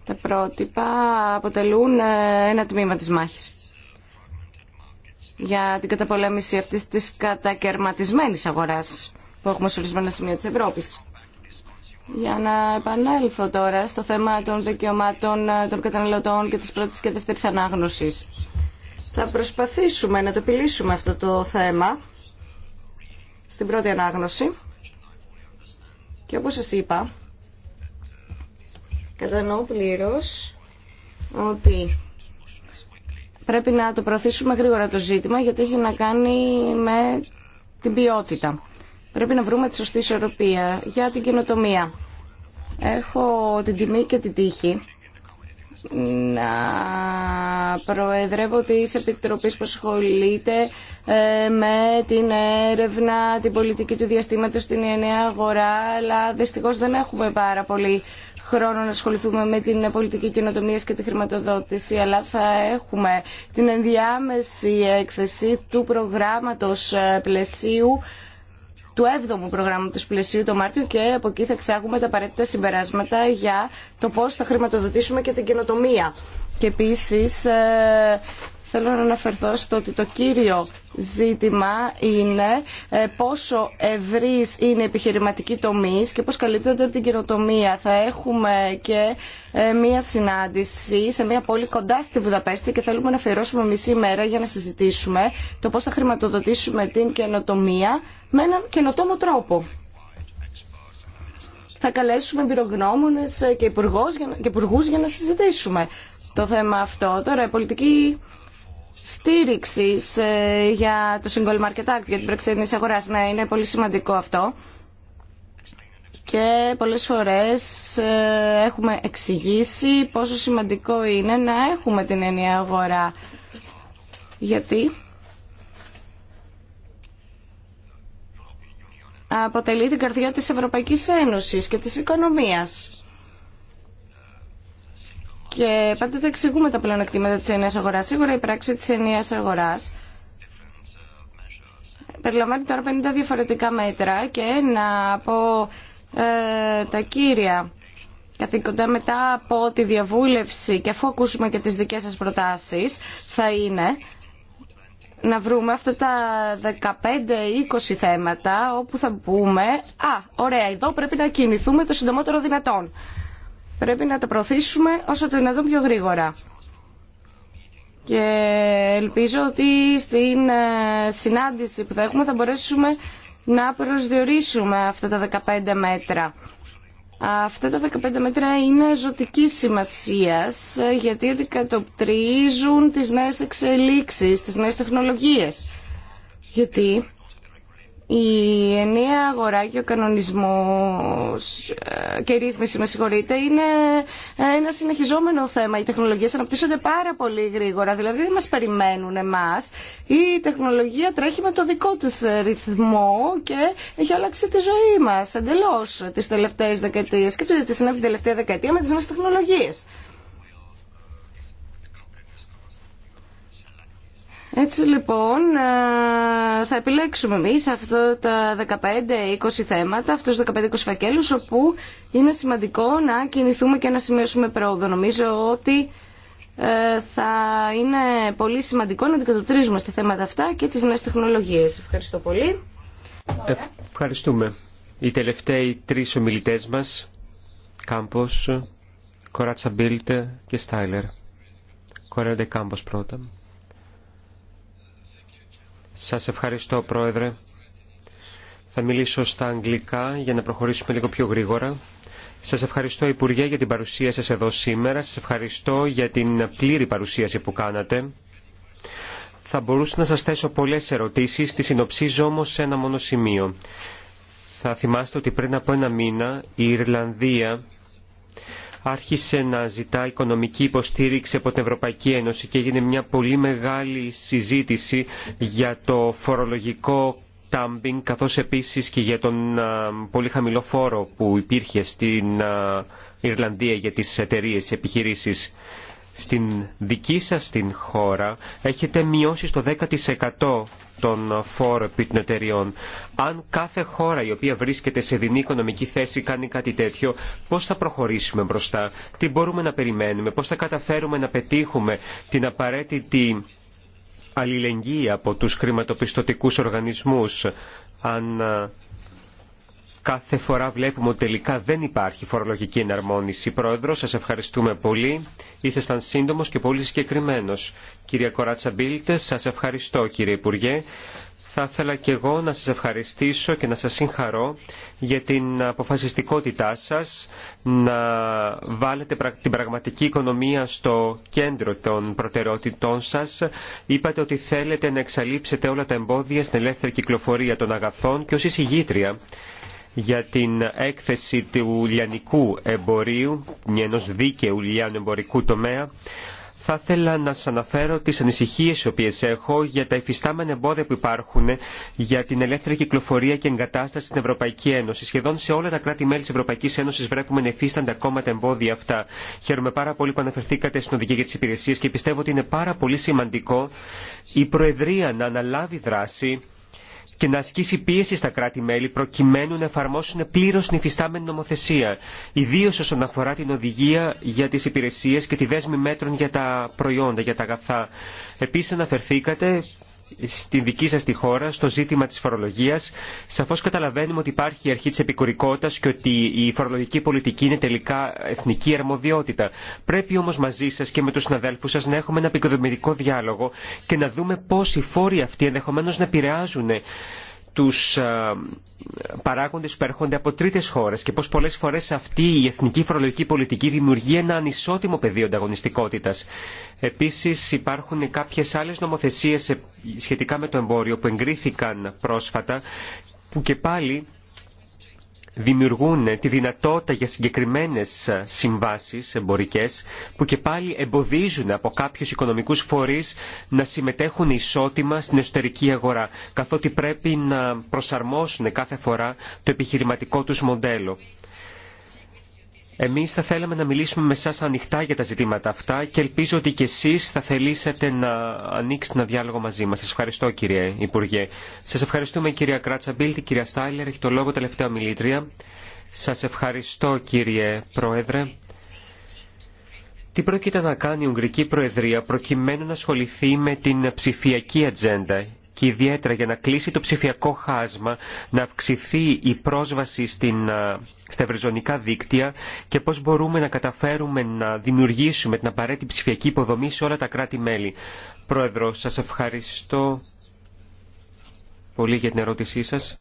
τα πρότυπα αποτελούν ε, ένα τμήμα της μάχης για την καταπολέμηση αυτής της κατακαιρματισμένης αγοράς που έχουμε σε ορισμένα σημεία της Ευρώπης. Για να επανέλθω τώρα στο θέμα των δικαιωμάτων ε, των καταναλωτών και της πρώτης και δεύτερης ανάγνωσης. Θα προσπαθήσουμε να το επιλύσουμε αυτό το θέμα στην πρώτη ανάγνωση. Και όπως σας είπα, Κατανοώ πλήρως ότι πρέπει να το προωθήσουμε γρήγορα το ζήτημα γιατί έχει να κάνει με την ποιότητα. Πρέπει να βρούμε τη σωστή ισορροπία για την καινοτομία. Έχω την τιμή και την τύχη να προεδρεύω τη Επιτροπής που ασχολείται ε, με την έρευνα, την πολιτική του διαστήματος, στην ενιαία αγορά, αλλά δυστυχώς δεν έχουμε πάρα πολύ χρόνο να ασχοληθούμε με την πολιτική καινοτομία και τη χρηματοδότηση, αλλά θα έχουμε την ενδιάμεση έκθεση του προγράμματος ε, πλαισίου του 7ου προγράμματο πλαισίου το Μάρτιο και από εκεί θα εξάγουμε τα απαραίτητα συμπεράσματα για το πώ θα χρηματοδοτήσουμε και την καινοτομία. Και επίση ε, θέλω να αναφερθώ στο ότι το κύριο ζήτημα είναι ε, πόσο ευρύ είναι η επιχειρηματική τομή και πώ καλύπτονται από την καινοτομία. Θα έχουμε και ε, μία συνάντηση σε μία πόλη κοντά στη Βουδαπέστη και θέλουμε να αφιερώσουμε μισή μέρα για να συζητήσουμε το πώ θα χρηματοδοτήσουμε την καινοτομία με έναν καινοτόμο τρόπο. Θα καλέσουμε εμπειρογνώμονε και υπουργού για να συζητήσουμε το θέμα αυτό. Τώρα, η πολιτική στήριξη ε, για το Single Market Act, για την πραξενή αγορά, να είναι πολύ σημαντικό αυτό. Και πολλές φορές ε, έχουμε εξηγήσει πόσο σημαντικό είναι να έχουμε την ενιαία αγορά. Γιατί αποτελεί την καρδιά της Ευρωπαϊκής Ένωσης και της οικονομίας. Και πάντοτε εξηγούμε τα πλεονεκτήματα της ενιαίας αγοράς. Σίγουρα η πράξη της ενιαίας αγοράς περιλαμβάνει τώρα 50 διαφορετικά μέτρα και ένα από ε, τα κύρια καθήκοντα μετά από τη διαβούλευση και αφού ακούσουμε και τις δικές σας προτάσεις θα είναι να βρούμε αυτά τα 15-20 θέματα όπου θα πούμε «Α, ωραία, εδώ πρέπει να κινηθούμε το συντομότερο δυνατόν». Πρέπει να τα προωθήσουμε όσο το δυνατόν πιο γρήγορα. Και ελπίζω ότι στην ε, συνάντηση που θα έχουμε θα μπορέσουμε να προσδιορίσουμε αυτά τα 15 μέτρα Αυτά τα 15 μέτρα είναι ζωτική σημασίας ε, γιατί αντικατοπτρίζουν τις νέες εξελίξεις, τις νέες τεχνολογίες. Γιατί η ενιαία αγορά και ο κανονισμός ε, και η ρύθμιση, με συγχωρείτε, είναι ε, ένα συνεχιζόμενο θέμα. Οι τεχνολογίες αναπτύσσονται πάρα πολύ γρήγορα, δηλαδή δεν μας περιμένουν εμάς. Η τεχνολογία τρέχει με το δικό της ρυθμό και έχει αλλάξει τη ζωή μας εντελώς τις τελευταίες δεκαετίες. και τι συνέβη την τελευταία δεκαετία με τις νέες τεχνολογίες. Έτσι λοιπόν ε, θα επιλέξουμε εμείς αυτά τα 15-20 θέματα, αυτούς του 15-20 φακέλους, όπου είναι σημαντικό να κινηθούμε και να σημειώσουμε πρόοδο. Νομίζω ότι ε, θα είναι πολύ σημαντικό να αντικατοπτρίζουμε στα θέματα αυτά και τις νέες τεχνολογίες. Ευχαριστώ πολύ. Ευχαριστούμε. Οι τελευταίοι τρεις ομιλητές μας, Κάμπος, Κοράτσα Μπίλτε και Στάιλερ. Κοράτσα Κάμπος πρώτα. Σας ευχαριστώ, Πρόεδρε. Θα μιλήσω στα αγγλικά για να προχωρήσουμε λίγο πιο γρήγορα. Σας ευχαριστώ, Υπουργέ, για την παρουσία σας εδώ σήμερα. Σας ευχαριστώ για την πλήρη παρουσίαση που κάνατε. Θα μπορούσα να σας θέσω πολλές ερωτήσεις, τις συνοψίζω όμως σε ένα μόνο σημείο. Θα θυμάστε ότι πριν από ένα μήνα η Ιρλανδία άρχισε να ζητά οικονομική υποστήριξη από την Ευρωπαϊκή Ένωση και έγινε μια πολύ μεγάλη συζήτηση για το φορολογικό τάμπινγκ καθώς επίσης και για τον πολύ χαμηλό φόρο που υπήρχε στην Ιρλανδία για τις εταιρείες, επιχειρήσεις στην δική σας την χώρα έχετε μειώσει στο 10% τον φόρο επί των εταιριών. Αν κάθε χώρα η οποία βρίσκεται σε δινή οικονομική θέση κάνει κάτι τέτοιο, πώς θα προχωρήσουμε μπροστά, τι μπορούμε να περιμένουμε, πώς θα καταφέρουμε να πετύχουμε την απαραίτητη αλληλεγγύη από τους χρηματοπιστωτικούς οργανισμούς, αν Κάθε φορά βλέπουμε ότι τελικά δεν υπάρχει φορολογική εναρμόνιση. Πρόεδρο, Σα ευχαριστούμε πολύ. Ήσασταν σύντομο και πολύ συγκεκριμένο. Κυρία Κοράτσα Μπίλτε, σα ευχαριστώ κύριε Υπουργέ. Θα ήθελα και εγώ να σας ευχαριστήσω και να σας συγχαρώ για την αποφασιστικότητά σας να βάλετε την πραγματική οικονομία στο κέντρο των προτεραιότητών σας. Είπατε ότι θέλετε να εξαλείψετε όλα τα εμπόδια στην ελεύθερη κυκλοφορία των αγαθών και ως εισηγήτρια για την έκθεση του λιανικού εμπορίου, ενός δίκαιου λιάνου εμπορικού τομέα, θα ήθελα να σας αναφέρω τις ανησυχίες οι οποίες έχω για τα εφιστάμενα εμπόδια που υπάρχουν για την ελεύθερη κυκλοφορία και εγκατάσταση στην Ευρωπαϊκή Ένωση. Σχεδόν σε όλα τα κράτη-μέλη της Ευρωπαϊκής Ένωσης βλέπουμε να εφίστανται ακόμα τα εμπόδια αυτά. Χαίρομαι πάρα πολύ που αναφερθήκατε στην οδηγία για τις υπηρεσίες και πιστεύω ότι είναι πάρα πολύ σημαντικό η Προεδρία να αναλάβει δράση και να ασκήσει πίεση στα κράτη-μέλη προκειμένου να εφαρμόσουν πλήρω την υφιστάμενη νομοθεσία, ιδίω όσον αφορά την οδηγία για τι υπηρεσίε και τη δέσμη μέτρων για τα προϊόντα, για τα αγαθά. Επίση, αναφερθήκατε στη δική σας τη χώρα στο ζήτημα της φορολογίας. Σαφώς καταλαβαίνουμε ότι υπάρχει η αρχή της επικουρικότητας και ότι η φορολογική πολιτική είναι τελικά εθνική αρμοδιότητα. Πρέπει όμως μαζί σας και με τους συναδέλφους σας να έχουμε ένα επικοδομητικό διάλογο και να δούμε πώς οι φόροι αυτοί ενδεχομένως να επηρεάζουν τους ε, παράγοντες που έρχονται από τρίτες χώρες και πως πολλές φορές αυτή η εθνική φορολογική πολιτική δημιουργεί ένα ανισότιμο πεδίο ανταγωνιστικότητας. Επίσης υπάρχουν κάποιες άλλες νομοθεσίες σχετικά με το εμπόριο που εγκρίθηκαν πρόσφατα που και πάλι δημιουργούν τη δυνατότητα για συγκεκριμένες συμβάσεις εμπορικές που και πάλι εμποδίζουν από κάποιους οικονομικούς φορείς να συμμετέχουν ισότιμα στην εσωτερική αγορά καθότι πρέπει να προσαρμόσουν κάθε φορά το επιχειρηματικό τους μοντέλο. Εμείς θα θέλαμε να μιλήσουμε με σας ανοιχτά για τα ζητήματα αυτά και ελπίζω ότι και εσείς θα θελήσετε να ανοίξετε ένα διάλογο μαζί μας. Σας ευχαριστώ κύριε Υπουργέ. Σας ευχαριστούμε κυρία κράτσαμπιλτη κυρία Στάιλερ, έχει το λόγο τελευταία μιλήτρια. Σας ευχαριστώ κύριε Πρόεδρε. Τι πρόκειται να κάνει η Ουγγρική Προεδρία προκειμένου να ασχοληθεί με την ψηφιακή ατζέντα και ιδιαίτερα για να κλείσει το ψηφιακό χάσμα, να αυξηθεί η πρόσβαση στην, στα ευρυζωνικά δίκτυα και πώς μπορούμε να καταφέρουμε να δημιουργήσουμε την απαραίτητη ψηφιακή υποδομή σε όλα τα κράτη-μέλη. Πρόεδρο, σας ευχαριστώ πολύ για την ερώτησή σας.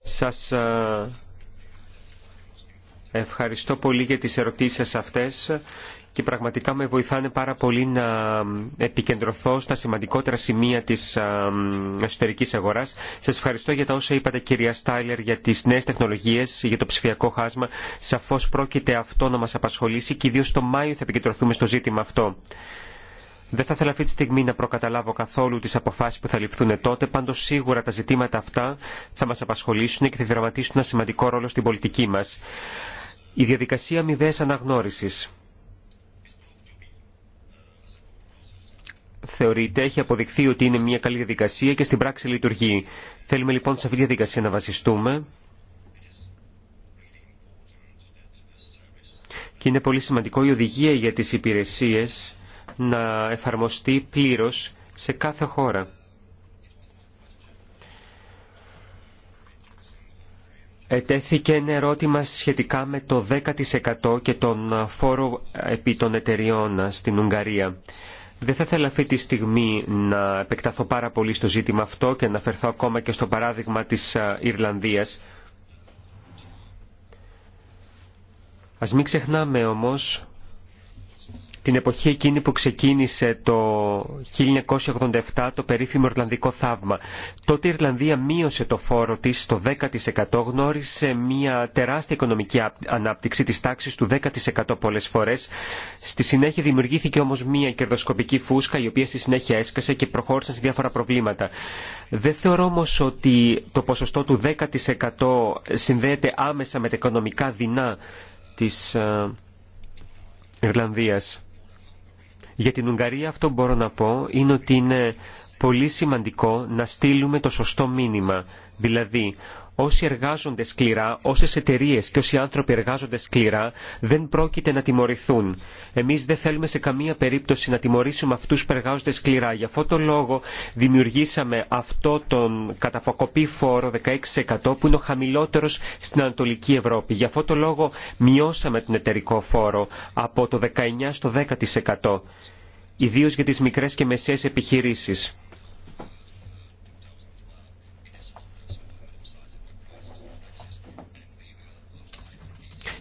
Σας Ευχαριστώ πολύ για τις ερωτήσεις αυτές και πραγματικά με βοηθάνε πάρα πολύ να επικεντρωθώ στα σημαντικότερα σημεία της εσωτερικής αγοράς. Σας ευχαριστώ για τα όσα είπατε κυρία Στάιλερ για τις νέες τεχνολογίες, για το ψηφιακό χάσμα. Σαφώς πρόκειται αυτό να μας απασχολήσει και ιδίως το Μάιο θα επικεντρωθούμε στο ζήτημα αυτό. Δεν θα ήθελα αυτή τη στιγμή να προκαταλάβω καθόλου τις αποφάσεις που θα ληφθούν τότε, πάντως σίγουρα τα ζητήματα αυτά θα μας απασχολήσουν και θα δραματίσουν ένα σημαντικό ρόλο στην πολιτική μας η διαδικασία αμοιβαίας αναγνώρισης. Θεωρείται, έχει αποδειχθεί ότι είναι μια καλή διαδικασία και στην πράξη λειτουργεί. Θέλουμε λοιπόν σε αυτή τη διαδικασία να βασιστούμε. Και είναι πολύ σημαντικό η οδηγία για τις υπηρεσίες να εφαρμοστεί πλήρως σε κάθε χώρα. Ετέθηκε ένα ερώτημα σχετικά με το 10% και τον φόρο επί των εταιριών στην Ουγγαρία. Δεν θα ήθελα αυτή τη στιγμή να επεκταθώ πάρα πολύ στο ζήτημα αυτό και να φερθώ ακόμα και στο παράδειγμα της Ιρλανδίας. Ας μην ξεχνάμε όμως την εποχή εκείνη που ξεκίνησε το 1987 το περίφημο Ιρλανδικό θαύμα. Τότε η Ιρλανδία μείωσε το φόρο της στο 10%, γνώρισε μια τεράστια οικονομική ανάπτυξη της τάξης του 10% πολλές φορές. Στη συνέχεια δημιουργήθηκε όμως μια κερδοσκοπική φούσκα η οποία στη συνέχεια έσκασε και προχώρησαν σε διάφορα προβλήματα. Δεν θεωρώ όμως ότι το ποσοστό του 10% συνδέεται άμεσα με τα οικονομικά δεινά της ε, Ιρλανδίας. Για την Ουγγαρία αυτό μπορώ να πω είναι ότι είναι πολύ σημαντικό να στείλουμε το σωστό μήνυμα. Δηλαδή όσοι εργάζονται σκληρά, όσε εταιρείε και όσοι άνθρωποι εργάζονται σκληρά, δεν πρόκειται να τιμωρηθούν. Εμείς δεν θέλουμε σε καμία περίπτωση να τιμωρήσουμε αυτού που εργάζονται σκληρά. Για αυτό το λόγο δημιουργήσαμε αυτό τον καταποκοπή φόρο 16% που είναι ο χαμηλότερος στην Ανατολική Ευρώπη. Γι' αυτό το λόγο μειώσαμε τον εταιρικό φόρο από το 19% στο 10%. ιδίω για τι μικρέ και μεσαίε επιχειρήσει.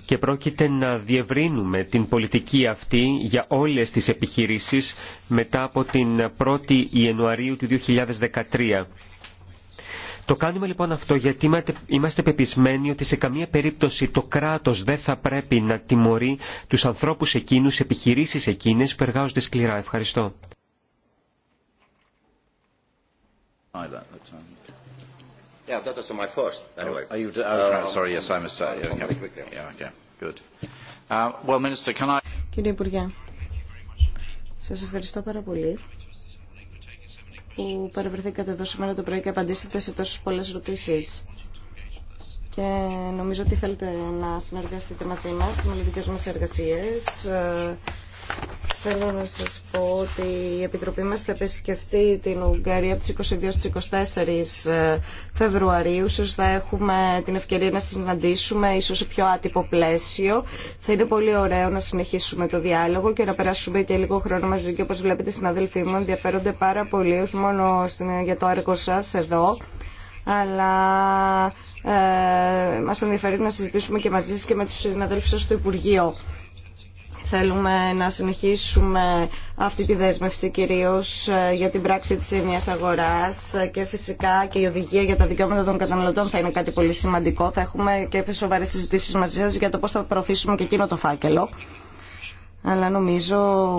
και πρόκειται να διευρύνουμε την πολιτική αυτή για όλες τις επιχειρήσεις μετά από την 1η Ιανουαρίου του 2013. Το κάνουμε λοιπόν αυτό γιατί είμαστε πεπισμένοι ότι σε καμία περίπτωση το κράτος δεν θα πρέπει να τιμωρεί τους ανθρώπους εκείνους, επιχειρήσεις εκείνες που εργάζονται σκληρά. Ευχαριστώ. Yeah, that was my first. Anyway. Oh, are you, oh, um, sorry, yes, I missed that. Yeah, okay. Good. Uh, well, Minister, can I... Κύριε Υπουργέ, σας ευχαριστώ πάρα πολύ που παρευρεθήκατε εδώ σήμερα το πρωί και απαντήσατε σε τόσες πολλές ερωτήσεις. Και νομίζω ότι θέλετε να συνεργαστείτε μαζί μας στις μελλοντικές μας εργασίες ε, Θέλω να σας πω ότι η Επιτροπή μας θα επισκεφτεί την Ουγγαρία από τις 22 στις 24 ε, Φεβρουαρίου. Ίσως θα έχουμε την ευκαιρία να συναντήσουμε, ίσως σε πιο άτυπο πλαίσιο. Θα είναι πολύ ωραίο να συνεχίσουμε το διάλογο και να περάσουμε και λίγο χρόνο μαζί. Και όπως βλέπετε, οι συναδελφοί μου ενδιαφέρονται πάρα πολύ, όχι μόνο για το έργο σας εδώ, αλλά ε, μας ενδιαφέρει να συζητήσουμε και μαζί σας και με τους συναδέλφους σας στο Υπουργείο Θέλουμε να συνεχίσουμε αυτή τη δέσμευση κυρίως ε, για την πράξη της ενιαίας αγοράς ε, και φυσικά και η οδηγία για τα δικαιώματα των καταναλωτών θα είναι κάτι πολύ σημαντικό. Θα έχουμε και σοβαρές συζητήσεις μαζί σας για το πώς θα προωθήσουμε και εκείνο το φάκελο. Αλλά νομίζω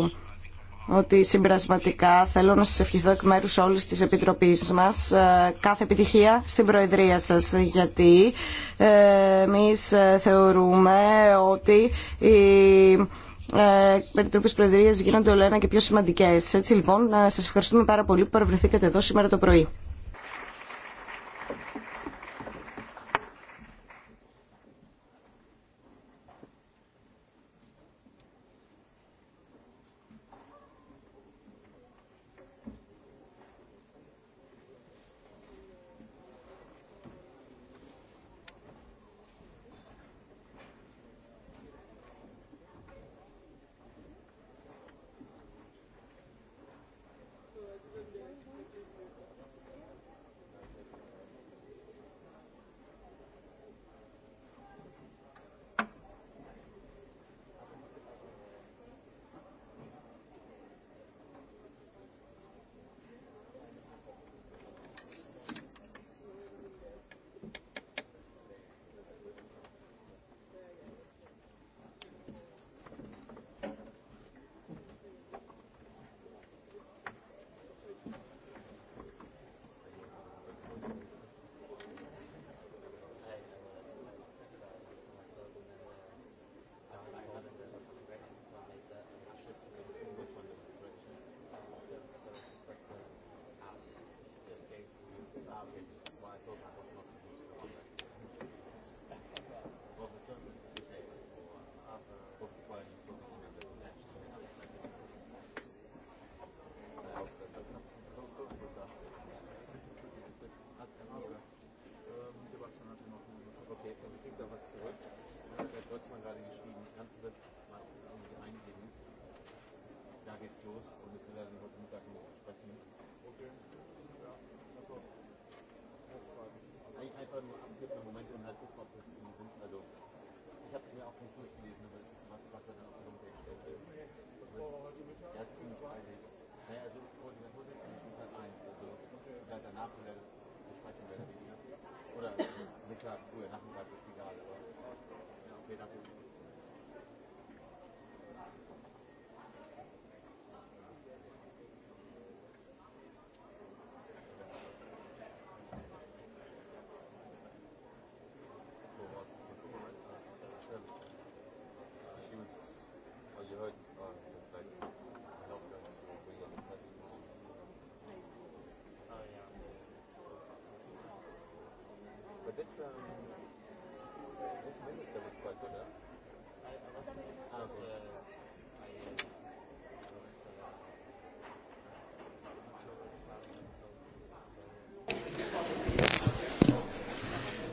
ότι συμπερασματικά θέλω να σας ευχηθώ εκ μέρους όλη της Επιτροπής μας ε, κάθε επιτυχία στην Προεδρία σας γιατί εμείς θεωρούμε ότι η ε, περιτροπής προεδρίας γίνονται όλο ένα και πιο σημαντικές. Έτσι λοιπόν, να ε, σας ευχαριστούμε πάρα πολύ που παραβρεθήκατε εδώ σήμερα το πρωί. kannst du das mal irgendwie eingeben. Da geht's los und das werden wir heute Mittag noch sprechen. Okay. Ja. Also, Eigentlich einfach nur abtippen im Moment und halt gucken, ob das irgendwie sind. Also, ich habe es mir auch nicht durchgelesen, aber es ist was, was wir dann auf der Homepage stellen werden. Das ist ziemlich eilig. Naja, also, Koordinatorsitz ist halt eins. Also, dann danach wieder das besprechen wir oder weniger. Oder, klar, früher Nachmittag ist egal, aber ja, okay, danke.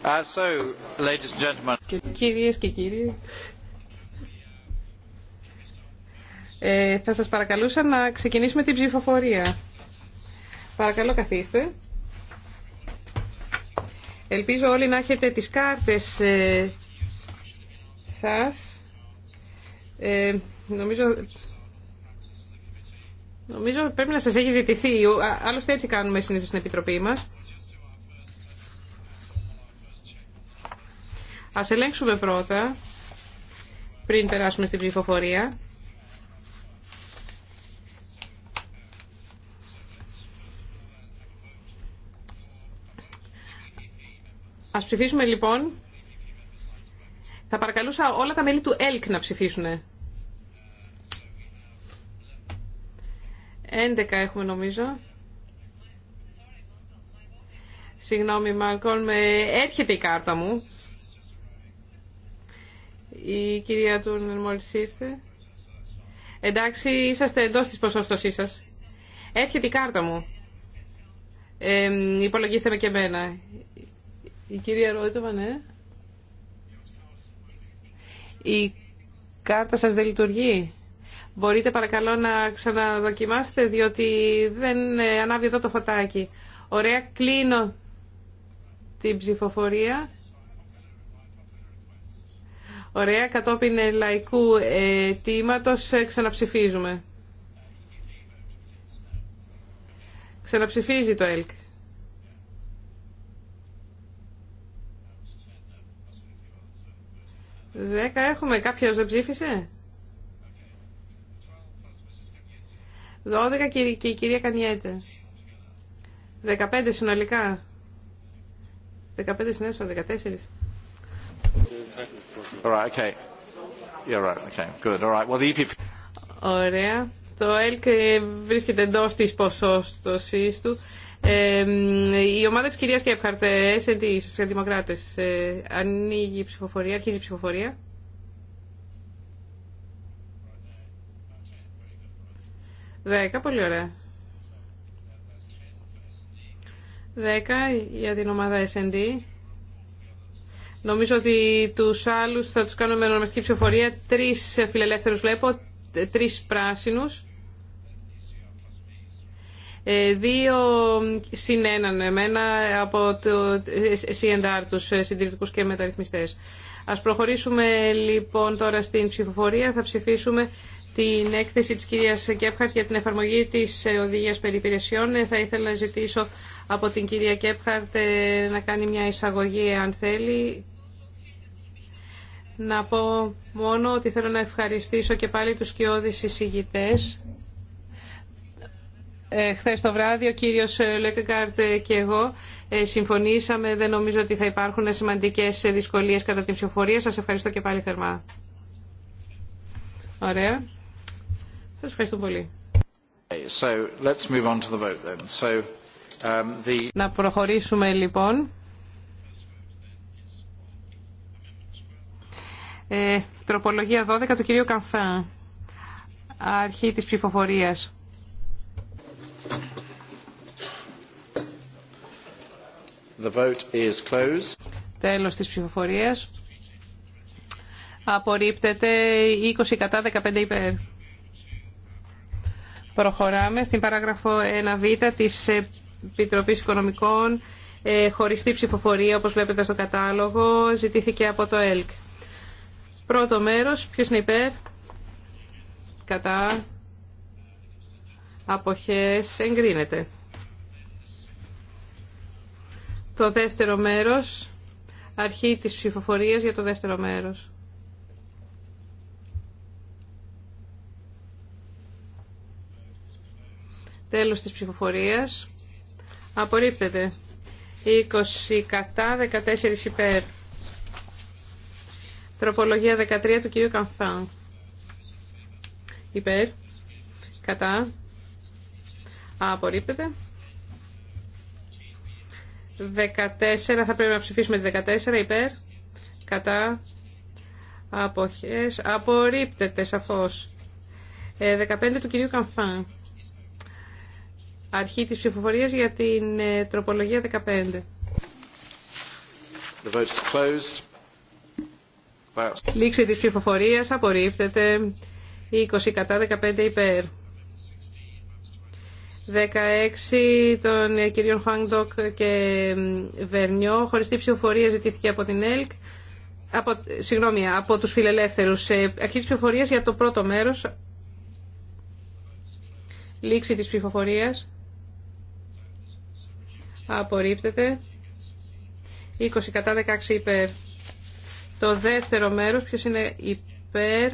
Uh, κυρίες και κύριοι, ε, θα σας παρακαλούσα να ξεκινήσουμε την ψηφοφορία. Παρακαλώ καθίστε. Ελπίζω όλοι να έχετε τις κάρτες ε, σας. Ε, νομίζω... Νομίζω πρέπει να σας έχει ζητηθεί. Άλλωστε έτσι κάνουμε συνήθως στην Επιτροπή μας. Ας ελέγξουμε πρώτα, πριν περάσουμε στην ψηφοφορία. Ας ψηφίσουμε λοιπόν. Θα παρακαλούσα όλα τα μέλη του ΕΛΚ να ψηφίσουν. 11 έχουμε νομίζω. Συγγνώμη Μάλκολμ, έρχεται η κάρτα μου. Η κυρία του μόλις ήρθε. Εντάξει, είσαστε εντός της ποσόστοσής σας. Έρχεται η κάρτα μου. υπολογίστε με και εμένα. Η κυρία Ρόιτοβα, ναι. Η κάρτα σας δεν λειτουργεί. Μπορείτε παρακαλώ να ξαναδοκιμάσετε, διότι δεν ε, ανάβει εδώ το φωτάκι. Ωραία, κλείνω την ψηφοφορία. Ωραία, κατόπιν λαϊκού αιτήματο ε, ξαναψηφίζουμε. Ξαναψηφίζει το ΕΛΚ. Δέκα έχουμε. Κάποιος δεν ψήφισε. Δώδεκα και η κυρία Κανιέτε. Δεκαπέντε συνολικά. Δεκαπέντε συνέσω, δεκατέσσερις. Ωραία. Το ΕΛΚ ε, βρίσκεται εντό τη ποσόστοση του. η ομάδα τη κυρία Κέπχαρτ, SND, ε, οι Σοσιαλδημοκράτε, ε, ανοίγει η ψηφοφορία, αρχίζει η ψηφοφορία. Δέκα, πολύ ωραία. Δέκα για την ομάδα SND. Νομίζω ότι τους άλλους θα τους κάνουμε με ονομαστική ψηφοφορία. Τρεις φιλελεύθερους βλέπω, τρεις πράσινους. Ε, δύο συνέναν εμένα από το ε, CNR, τους συντηρητικούς και μεταρρυθμιστές. Ας προχωρήσουμε λοιπόν τώρα στην ψηφοφορία. Θα ψηφίσουμε την έκθεση της κυρίας Κέπχαρτ για την εφαρμογή της οδηγίας περιπηρεσιών. Ε, θα ήθελα να ζητήσω από την κυρία Κέπχαρτ να κάνει μια εισαγωγή αν θέλει να πω μόνο ότι θέλω να ευχαριστήσω και πάλι τους κοιόδης εισηγητές. Ε, χθες το βράδυ ο κύριος Λέκκαρτ και εγώ ε, συμφωνήσαμε. Δεν νομίζω ότι θα υπάρχουν σημαντικές δυσκολίες κατά την ψηφοφορία. Σας ευχαριστώ και πάλι θερμά. Ωραία. Σας ευχαριστώ πολύ. So, let's move on to the vote then. So, um, the... Να προχωρήσουμε λοιπόν. Ε, τροπολογία 12 του κυρίου Καμφέν, Αρχή της ψηφοφορίας. The vote is closed. Τέλος της ψηφοφορίας. Απορρίπτεται 20 κατά 15 υπέρ. Προχωράμε στην παράγραφο 1β της Επιτροπής Οικονομικών. Ε, χωριστή ψηφοφορία, όπως βλέπετε στο κατάλογο, ζητήθηκε από το ΕΛΚ. Πρώτο μέρος, ποιος είναι υπέρ, κατά, αποχές, εγκρίνεται. Το δεύτερο μέρος, αρχή της ψηφοφορίας για το δεύτερο μέρος. Τέλος της ψηφοφορίας. Απορρίπτεται. 20 κατά, 14 υπέρ. Τροπολογία 13 του κυρίου Καμφάν. Υπέρ. Κατά. Απορρίπτεται. 14. Θα πρέπει να ψηφίσουμε τη 14. Υπέρ. Κατά. Αποχές. Απορρίπτεται σαφώς. 15 ε, του κυρίου Καμφάν. Αρχή της ψηφοφορίας για την ε, τροπολογία 15. The vote is closed. Λήξη της ψηφοφορίας απορρίπτεται 20 κατά 15 υπέρ. 16 των κυρίων Χουάνγκτοκ και Βερνιό. Χωριστή ψηφοφορία ζητήθηκε από την ΕΛΚ. Από, συγγνώμη, από τους φιλελεύθερους. Ε, αρχή της ψηφοφορίας για το πρώτο μέρος. Λήξη της ψηφοφορίας. Απορρίπτεται. 20 κατά 16 υπέρ. Το δεύτερο μέρος, ποιος είναι υπέρ,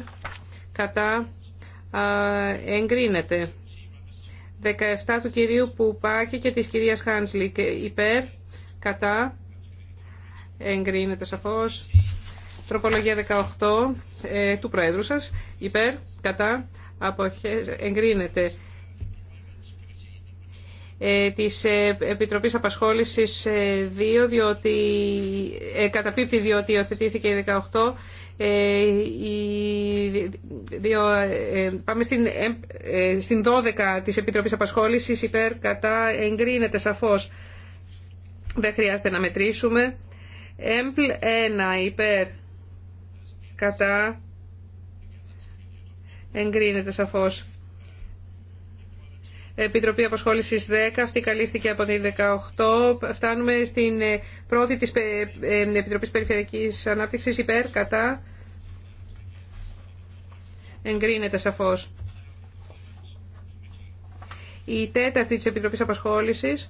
κατά, α, εγκρίνεται. 17 του κυρίου Πουπάκη και της κυρίας Χάνσλι. υπέρ, κατά, εγκρίνεται σαφώς. Τροπολογία 18 ε, του Προέδρου σας, υπέρ, κατά, απόχε εγκρίνεται. Ε, της ε, Επιτροπής Απασχόλησης 2, ε, διότι καταπίπτει διότι υιοθετήθηκε η 18. Η, διο, πάμε στην, στην 12 της Επιτροπής Απασχόλησης υπέρ κατά εγκρίνεται σαφώς. Δεν χρειάζεται να μετρήσουμε. Έμπλ 1 υπέρ κατά εγκρίνεται σαφώς. Επιτροπή Αποσχόληση 10, αυτή καλύφθηκε από την 18. Φτάνουμε στην ε, πρώτη της ε, ε, Επιτροπής Περιφερειακής Ανάπτυξης υπέρ, κατά. Εγκρίνεται σαφώ. Η τέταρτη τη Επιτροπής Αποσχόληση.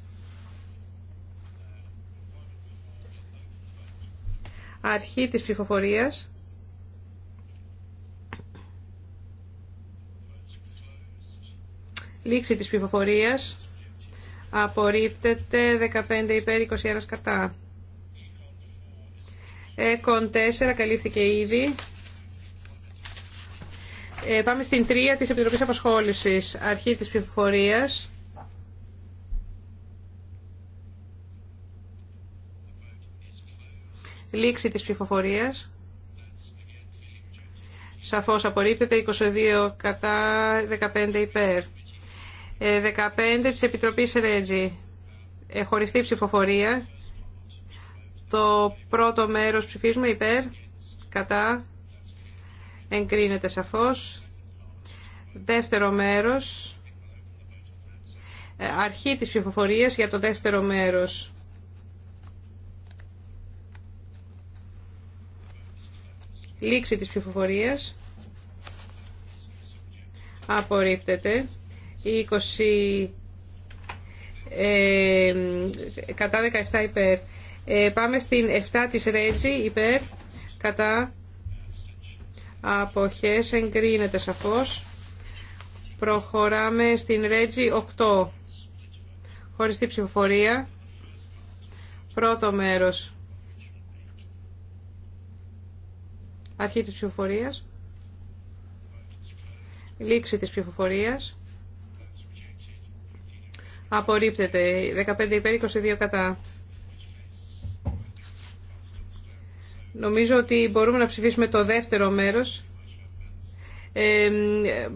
Αρχή της ψηφοφορίας. Λήξη της ψηφοφορίας. Απορρίπτεται 15 υπέρ 21 κατά. Εκον 4 καλύφθηκε ήδη. Ε, πάμε στην 3 της Επιτροπής Απασχόλησης. Αρχή της ψηφοφορία. Λήξη της ψηφοφορία. Σαφώς απορρίπτεται 22 κατά 15 υπέρ. 15 της Επιτροπής Ρέτζη. Χωριστή ψηφοφορία. Το πρώτο μέρος ψηφίζουμε υπέρ, κατά, εγκρίνεται σαφώς. Δεύτερο μέρος, ε, αρχή της ψηφοφορίας για το δεύτερο μέρος. Λήξη της ψηφοφορίας. Απορρίπτεται. 20 ε, κατά 17 υπέρ. Ε, πάμε στην 7 της Ρέτζη υπέρ κατά αποχές εγκρίνεται σαφώς. Προχωράμε στην Ρέτζη 8 χωριστή ψηφοφορία. Πρώτο μέρος αρχή της ψηφοφορίας λήξη της ψηφοφορίας Απορρίπτεται. 15 υπέρ, 22 κατά. Νομίζω ότι μπορούμε να ψηφίσουμε το δεύτερο μέρος. Ε,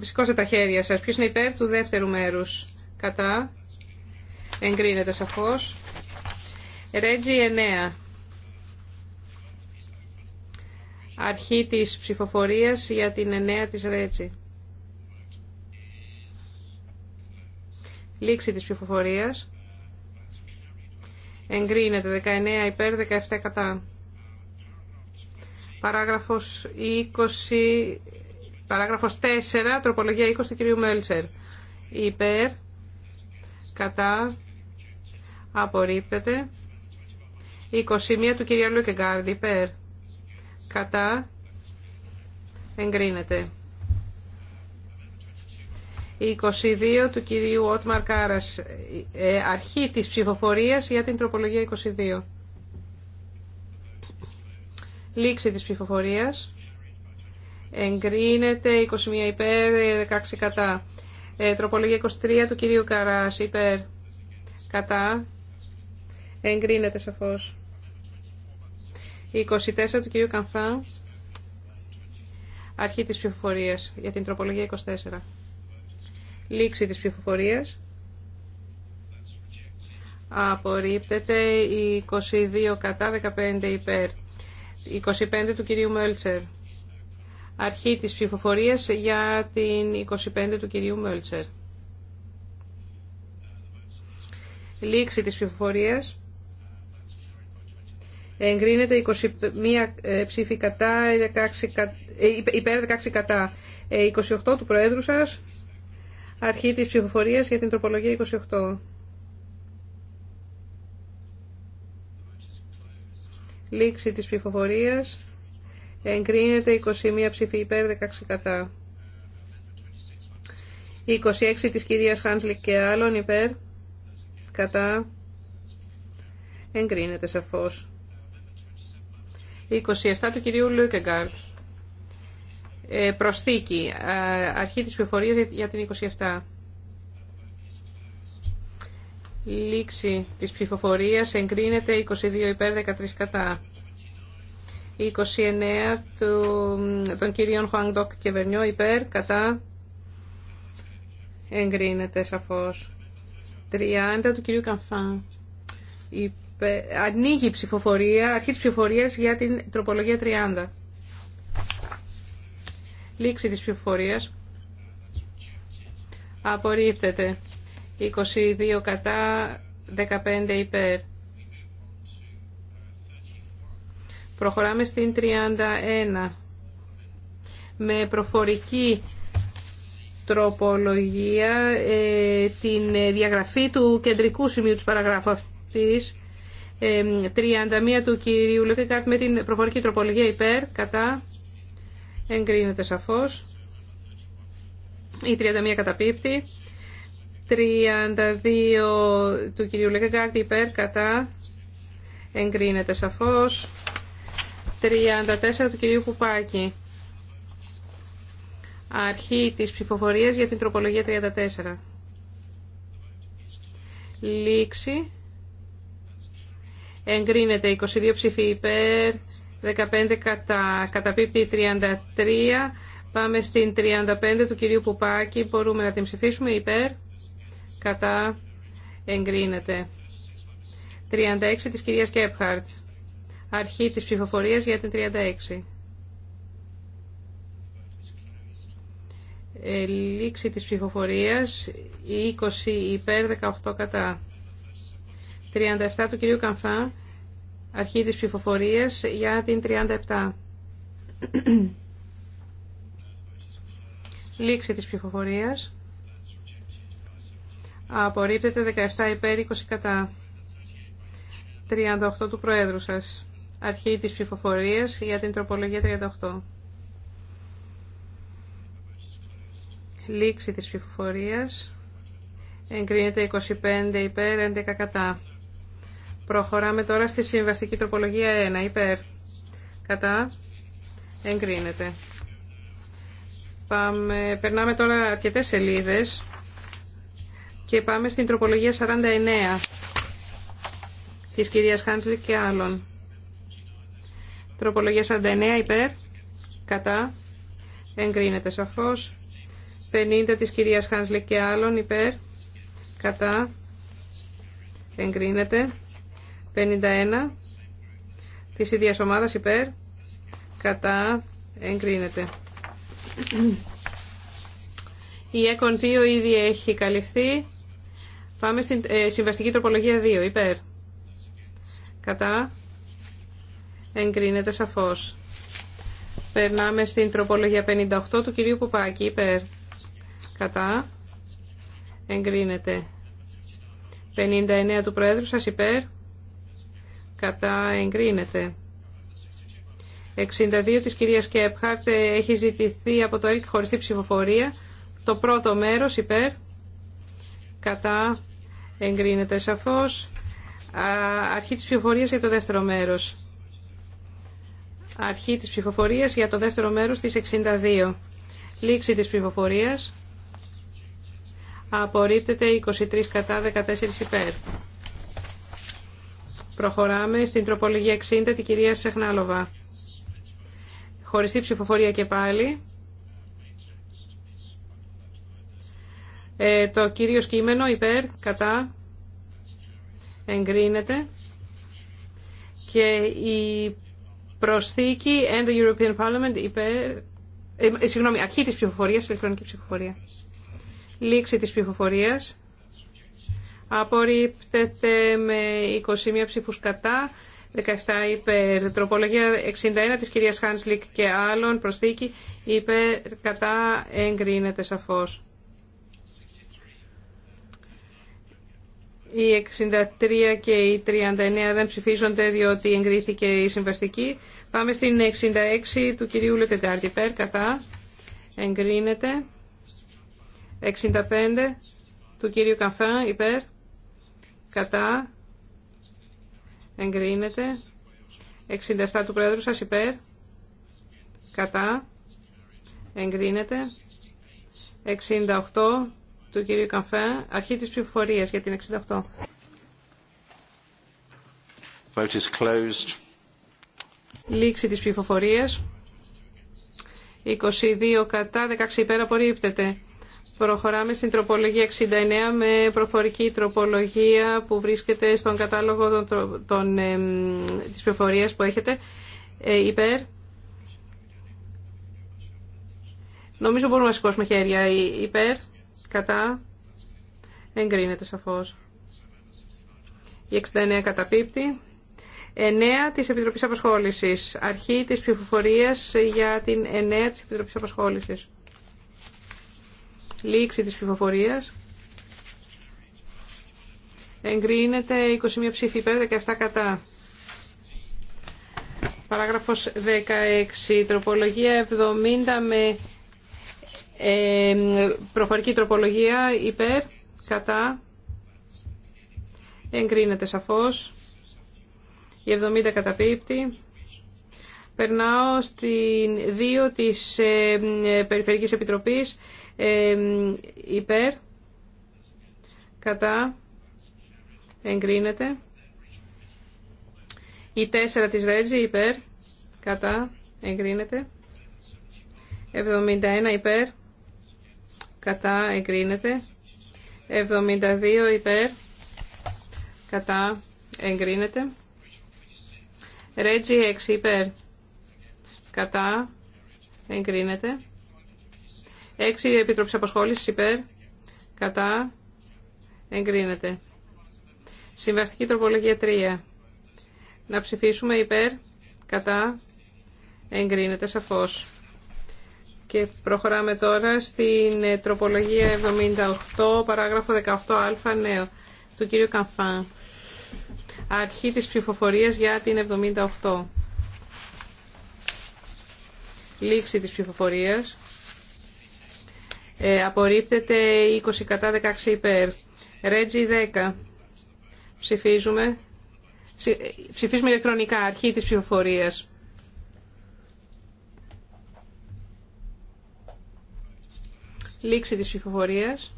σηκώστε τα χέρια σας. Ποιος είναι υπέρ του δεύτερου μέρους. Κατά. Εγκρίνεται σαφώς. Ρέτζι 9. Αρχή της ψηφοφορίας για την 9 της Ρέτζι. Λήξη της ψηφοφορίας. Εγκρίνεται 19 υπέρ 17 κατά. Παράγραφος 20, παράγραφος 4, τροπολογία 20 του κυρίου Μέλτσερ. Υπέρ, κατά, απορρίπτεται. 21 του κυρίου Λουκεγκάρντ, υπέρ, κατά, εγκρίνεται. 22 του κυρίου Ότμαρ Κάρας, ε, αρχή της ψηφοφορίας για την τροπολογία 22. Λήξη της ψηφοφορίας. Εγκρίνεται 21 υπέρ, 16 κατά. Ε, τροπολογία 23 του κυρίου Καράς, υπέρ, κατά. Εγκρίνεται σαφώς. 24 του κυρίου Καμφά, αρχή της ψηφοφορίας για την τροπολογία 24. Λήξη της ψηφοφορίας. Απορρίπτεται η 22 κατά 15 υπέρ. 25 του κυρίου Μέλτσερ. Αρχή της ψηφοφορίας για την 25 του κυρίου Μέλτσερ. Λήξη της ψηφοφορίας. Εγκρίνεται 21 ε, ψήφοι κατά, 16, ε, υπέρ 16 κατά. 28 ε, του Προέδρου σας. Αρχή της ψηφοφορίας για την τροπολογία 28. Λήξη της ψηφοφορίας. Εγκρίνεται 21 ψήφοι υπέρ, 16 κατά. 26 της κυρίας Χάνσλικ και άλλων υπέρ, κατά. Εγκρίνεται σαφώς. 27 του κυρίου Λούκεγκαρτ. Ε, προσθήκη. Ε, αρχή της πληροφορίας για την 27. Λήξη της ψηφοφορίας εγκρίνεται 22 υπέρ 13 κατά. 29 του, των κυρίων Χουαγντοκ και Βερνιό υπέρ κατά. Εγκρίνεται σαφώς. 30 του κυρίου Καμφά. ανοίγει η ψηφοφορία, αρχή της ψηφοφορίας για την τροπολογία 30. Λήξη της πληροφορίας Απορρίπτεται. 22 κατά, 15 υπέρ. Προχωράμε στην 31. Με προφορική τροπολογία ε, την διαγραφή του κεντρικού σημείου της παραγράφου αυτής. 31 ε, του κυρίου Λεκεκάρτ με την προφορική τροπολογία υπέρ, κατά, Εγκρίνεται σαφώς. Η 31 καταπίπτει. 32 του κυρίου Λεγκάρτη υπέρ κατά. Εγκρίνεται σαφώς. 34 του κυρίου Κουπάκη. Αρχή της ψηφοφορίας για την τροπολογία 34. Λήξη. Εγκρίνεται 22 ψήφοι υπέρ, 15 κατά, καταπίπτει 33. Πάμε στην 35 του κυρίου Πουπάκη. Μπορούμε να την ψηφίσουμε υπέρ. Κατά εγκρίνεται. 36 της κυρίας Κέπχαρτ. Αρχή της ψηφοφορίας για την 36. λήξη της ψηφοφορίας 20 υπέρ 18 κατά 37 του κυρίου Καμφά αρχή της ψηφοφορίας για την 37. Λήξη της ψηφοφορίας. Απορρίπτεται 17 υπέρ 20 κατά. 38 του Προέδρου σας. Αρχή της ψηφοφορίας για την τροπολογία 38. Λήξη της ψηφοφορίας. Εγκρίνεται 25 υπέρ 11 κατά. Προχωράμε τώρα στη συμβαστική τροπολογία 1. Υπέρ. Κατά. Εγκρίνεται. Πάμε, περνάμε τώρα αρκετέ σελίδες και πάμε στην τροπολογία 49 της κυρίας Χάνσλη και άλλων. Τροπολογία 49 υπέρ, κατά, εγκρίνεται σαφώς. 50 της κυρίας Χάνσλη και άλλων υπέρ, κατά, εγκρίνεται. 51 της ίδιας ομάδας υπέρ κατά εγκρίνεται. Η ΕΚΟΝ 2 ήδη έχει καλυφθεί. Πάμε στην ε, συμβαστική τροπολογία 2 υπέρ κατά εγκρίνεται σαφώς. Περνάμε στην τροπολογία 58 του κυρίου Πουπάκη υπέρ κατά εγκρίνεται. 59 του Προέδρου σας υπέρ κατά εγκρίνεται. 62 της κυρίας Κέπχαρτ ε, έχει ζητηθεί από το ΕΛΚ χωριστή ψηφοφορία. Το πρώτο μέρος υπέρ, κατά εγκρίνεται σαφώς. Αρχή της ψηφοφορίας για το δεύτερο μέρος. Αρχή της ψηφοφορίας για το δεύτερο μέρος της 62. Λήξη της ψηφοφορίας. Απορρίπτεται 23 κατά 14 υπέρ. Προχωράμε στην τροπολογία 60, την κυρία Σεχνάλοβα. Χωριστή ψηφοφορία και πάλι. Ε, το κύριο κείμενο υπέρ, κατά, εγκρίνεται. Και η προσθήκη and the European Parliament υπέρ, ε, συγγνώμη, αρχή της ψηφοφορίας, ηλεκτρονική ψηφοφορία. Λήξη της ψηφοφορίας απορρίπτεται με 21 ψήφους κατά, 17 υπέρ. Τροπολογία 61 της κυρίας Χάνσλικ και άλλων προσθήκη υπέρ κατά εγκρίνεται σαφώς. Οι 63 και οι 39 δεν ψηφίζονται διότι εγκρίθηκε η συμβαστική. Πάμε στην 66 του κυρίου Λεκεγκάρτ υπέρ κατά εγκρίνεται. 65 του κυρίου Καφέ υπέρ κατά, εγκρίνεται. 67 του Πρόεδρου σας υπέρ, κατά, εγκρίνεται. 68 του κυρίου Καμφέ, αρχή της ψηφοφορίας για την 68. Vote is closed. Λήξη της ψηφοφορίας. 22 κατά, 16 υπέρ απορρίπτεται. Προχωράμε στην τροπολογία 69 με προφορική τροπολογία που βρίσκεται στον κατάλογο των, των, της πληροφορίας που έχετε. Ε, υπέρ. Νομίζω μπορούμε να σηκώσουμε χέρια. Ε, υπέρ. Κατά. Εγκρίνεται σαφώς. Η 69 καταπίπτει. 9 της Επιτροπής Αποσχόλησης. Αρχή της ψηφοφορίας για την 9 της Επιτροπής Αποσχόλησης. Λήξη της ψηφοφορίας. Εγκρίνεται 21 ψήφοι υπέρ, 17 κατά. Παράγραφος 16. Τροπολογία 70 με ε, προφορική τροπολογία υπέρ, κατά. Εγκρίνεται σαφώς. Η 70 καταπίπτει. Περνάω στην 2 της ε, Περιφερειακής Επιτροπής ε, υπέρ, κατά, εγκρίνεται. Η 4 της Ρέτζη υπέρ, κατά, εγκρίνεται. 71 υπέρ, κατά, εγκρίνεται. 72 υπέρ, κατά, εγκρίνεται. Ρέτζι 6 υπέρ, κατά, εγκρίνεται. 6 Επιτροπής αποσχόληση υπέρ, κατά, εγκρίνεται. Συμβαστική τροπολογία 3. Να ψηφίσουμε υπέρ, κατά, εγκρίνεται σαφώς. Και προχωράμε τώρα στην ε, τροπολογία 78, παράγραφο 18α νέο, του κύριου Καμφάν. Αρχή της ψηφοφορίας για την 78. Λήξη της ψηφοφορίας. Ε, απορρίπτεται 20 κατά 16 υπέρ. Ρέτζι 10. Ψηφίζουμε. Ψηφίζουμε ηλεκτρονικά. Αρχή της ψηφοφορίας. Λήξη της ψηφοφορίας.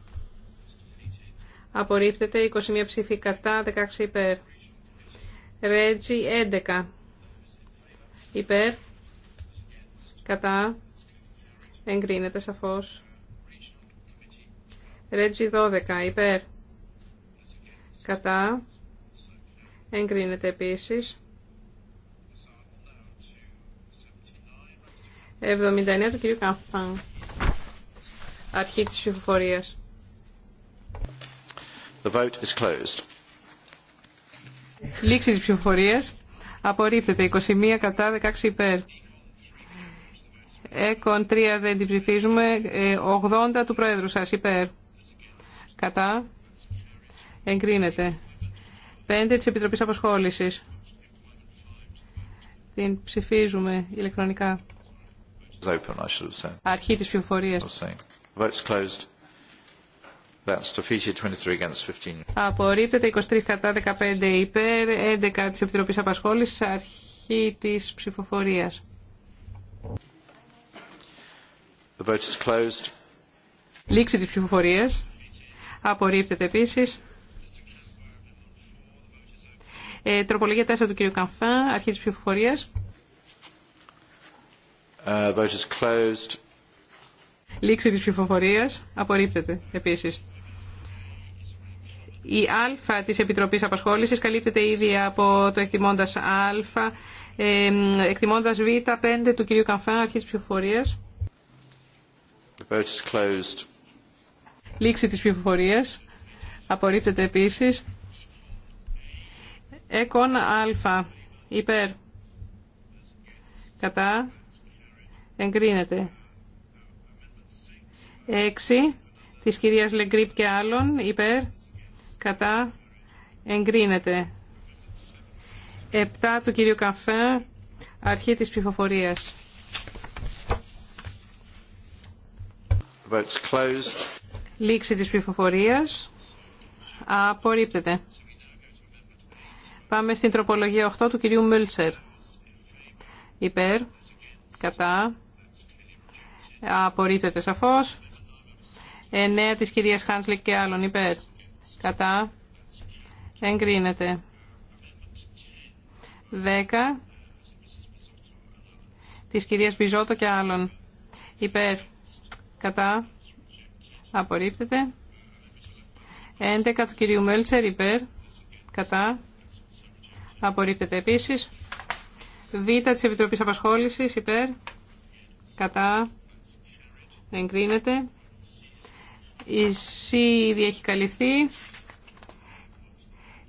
Απορρίπτεται 21 ψηφί κατά 16 υπέρ. Ρέτζι 11. Υπέρ κατά, εγκρίνεται σαφώς. Ρέτζι 12, υπέρ, κατά, εγκρίνεται επίσης. 79 του κ. Καμφάν. Αρχή της ψηφοφορίας. The vote is closed. Λήξη της ψηφοφορίας. Απορρίπτεται 21 κατά 16 υπέρ. Έκον 3 δεν την ψηφίζουμε. 80 ε, του Πρόεδρου σας υπέρ. Κατά. Εγκρίνεται. 5 της Επιτροπής Αποσχόλησης. Την ψηφίζουμε ηλεκτρονικά. Open, Αρχή της ψηφοφορίας. Votes closed. That's 23 against 15. Απορρίπτεται 23 κατά 15 υπέρ, 11 της Επιτροπής Απασχόλησης, αρχή της ψηφοφορίας. Λήξη της ψηφοφορίας. Απορρίπτεται επίσης. Ε, τροπολογία 4 του κ. Καμφά, αρχή της ψηφοφορίας. Ε, Λήξη της ψηφοφορίας. Απορρίπτεται επίσης. Η Α της Επιτροπής Απασχόλησης καλύπτεται ήδη από το εκτιμώντας Α, ε, εκτιμώντας Β5 του κ. Καμφά, αρχή της ψηφοφορίας. The Λήξη της ψηφοφορίας. Απορρίπτεται επίσης. Έκον α. Υπέρ. Κατά. Εγκρίνεται. Έξι Της κυρίας Λεγκρίπ και άλλων. Υπέρ. Κατά. Εγκρίνεται. Έπτα Του κυρίου Καφέ. Αρχή της ψηφοφορίας. Votes closed. Λήξη της ψηφοφορίας. Απορρίπτεται. Πάμε στην τροπολογία 8 του κυρίου Μίλτσερ. Υπέρ. Κατά. Απορρίπτεται σαφώς. 9 της κυρίας Χάνσλικ και άλλων. Υπέρ. Κατά. Εγκρίνεται. 10 της κυρίας Μπιζότο και άλλων. Υπέρ κατά απορρίπτεται 11 του κυρίου Μέλτσερ υπέρ κατά απορρίπτεται επίσης Β της Επιτροπής Απασχόλησης υπέρ κατά εγκρίνεται η C ήδη έχει καλυφθεί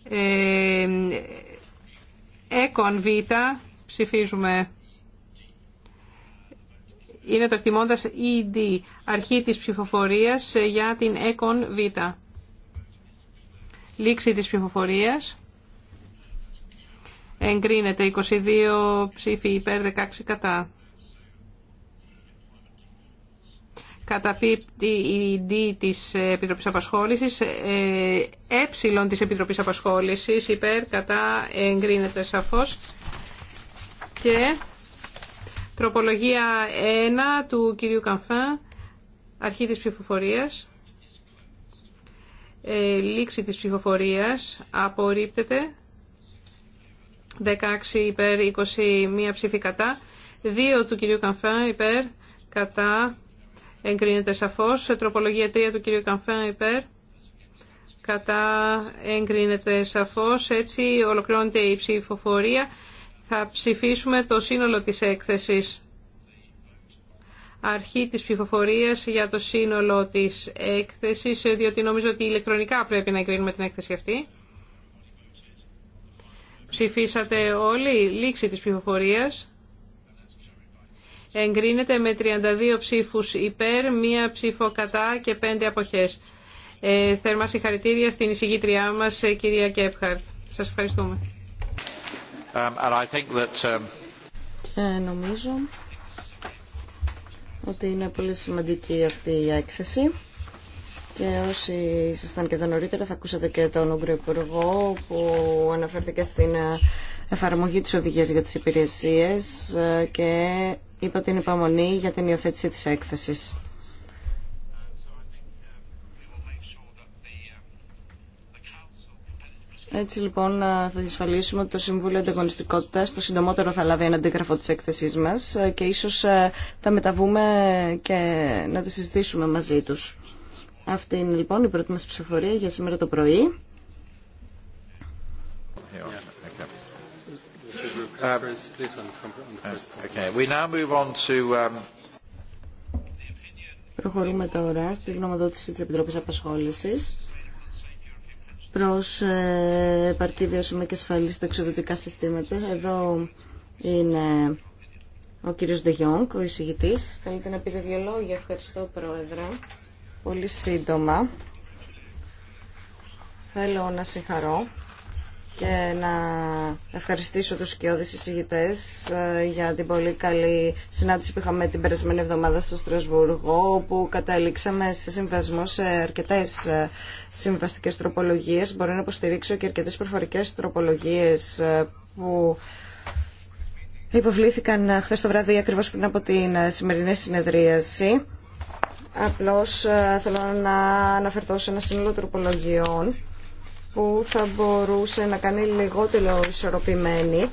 ε, Έκον Β ψηφίζουμε είναι το εκτιμώντας ED, αρχή της ψηφοφορίας για την ΕΚΟΝ Β. Λήξη της ψηφοφορίας. Εγκρίνεται 22 ψήφοι υπέρ 16 κατά. Καταπίπτει η D της Επιτροπής Απασχόλησης, ε, ε της Επιτροπής Απασχόλησης υπέρ κατά εγκρίνεται σαφώς και Τροπολογία 1 του κυρίου Καμφά, αρχή της ψηφοφορίας. Ε, λήξη της ψηφοφορίας απορρίπτεται. 16 υπέρ, 21 ψήφι κατά. 2 του κυρίου Καμφά υπέρ, κατά. Εγκρίνεται σαφώς. Τροπολογία 3 του κυρίου Καμφά υπέρ κατά εγκρίνεται σαφώς. Έτσι ολοκληρώνεται η ψηφοφορία. Θα ψηφίσουμε το σύνολο της έκθεσης. Αρχή της ψηφοφορίας για το σύνολο της έκθεσης, διότι νομίζω ότι ηλεκτρονικά πρέπει να εγκρίνουμε την έκθεση αυτή. Ψηφίσατε όλοι λήξη της ψηφοφορίας. Εγκρίνεται με 32 ψήφους υπέρ, μία ψήφο κατά και πέντε αποχές. Ε, θερμά συγχαρητήρια στην εισηγήτριά μας, ε, κυρία Κέπχαρτ. Σας ευχαριστούμε. Um, um, και νομίζω ότι είναι πολύ σημαντική αυτή η έκθεση. Και όσοι ήσασταν και εδώ νωρίτερα θα ακούσατε και τον Ούγκρο Υπουργό που αναφέρθηκε στην ε, εφαρμογή της οδηγίας για τις υπηρεσίες ε, και είπε την υπομονή για την υιοθέτηση της έκθεσης. Έτσι λοιπόν θα διασφαλίσουμε ότι το Συμβούλιο Ανταγωνιστικότητα το συντομότερο θα λάβει ένα αντίγραφο τη έκθεσή μα ε, και ίσω ε, θα μεταβούμε και να τη συζητήσουμε μαζί του. Αυτή είναι λοιπόν η πρώτη μα ψηφοφορία για σήμερα το πρωί. Προχωρούμε τώρα στη γνωμοδότηση της Επιτροπής Απασχόλησης προς ε, επαρκή βιώσιμα και ασφαλή στα συστήματα. Εδώ είναι ο κύριος Ντεγιόνκ, ο εισηγητής. Θέλετε να πείτε δύο λόγια. Ευχαριστώ, Πρόεδρε. Πολύ σύντομα. Θέλω να συγχαρώ και να ευχαριστήσω τους σκιώδεις εισηγητές ε, για την πολύ καλή συνάντηση που είχαμε την περασμένη εβδομάδα στο Στρασβούργο όπου καταλήξαμε σε συμβασμό σε αρκετές ε, συμβαστικές τροπολογίες. Μπορώ να υποστηρίξω και αρκετές προφορικές τροπολογίες ε, που υποβλήθηκαν χθε το βράδυ ακριβώς πριν από την σημερινή συνεδρίαση. Απλώς θέλω να αναφερθώ σε ένα σύνολο τροπολογιών που θα μπορούσε να κάνει λιγότερο ισορροπημένη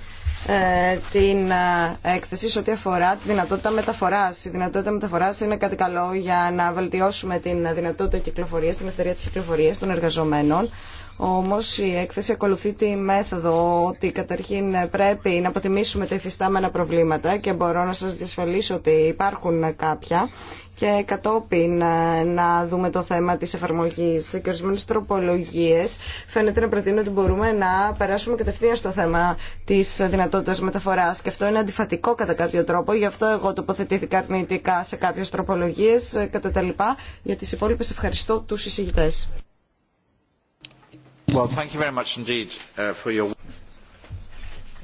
ε, την ε, έκθεση σε ό,τι αφορά τη δυνατότητα μεταφοράς. Η δυνατότητα μεταφοράς είναι κάτι καλό για να βελτιώσουμε την δυνατότητα κυκλοφορίας, την ελευθερία της κυκλοφορίας των εργαζομένων. Όμως η έκθεση ακολουθεί τη μέθοδο ότι καταρχήν πρέπει να αποτιμήσουμε τα υφιστάμενα προβλήματα και μπορώ να σας διασφαλίσω ότι υπάρχουν κάποια και κατόπιν ε, να δούμε το θέμα της εφαρμογής και ορισμένες τροπολογίες φαίνεται να προτείνω ότι μπορούμε να περάσουμε κατευθείαν στο θέμα της δυνατότητας μεταφοράς και αυτό είναι αντιφατικό κατά κάποιο τρόπο γι' αυτό εγώ τοποθετήθηκα αρνητικά σε κάποιες τροπολογίες ε, κατά τα λοιπά για τις υπόλοιπες ευχαριστώ τους εισηγητές Uh,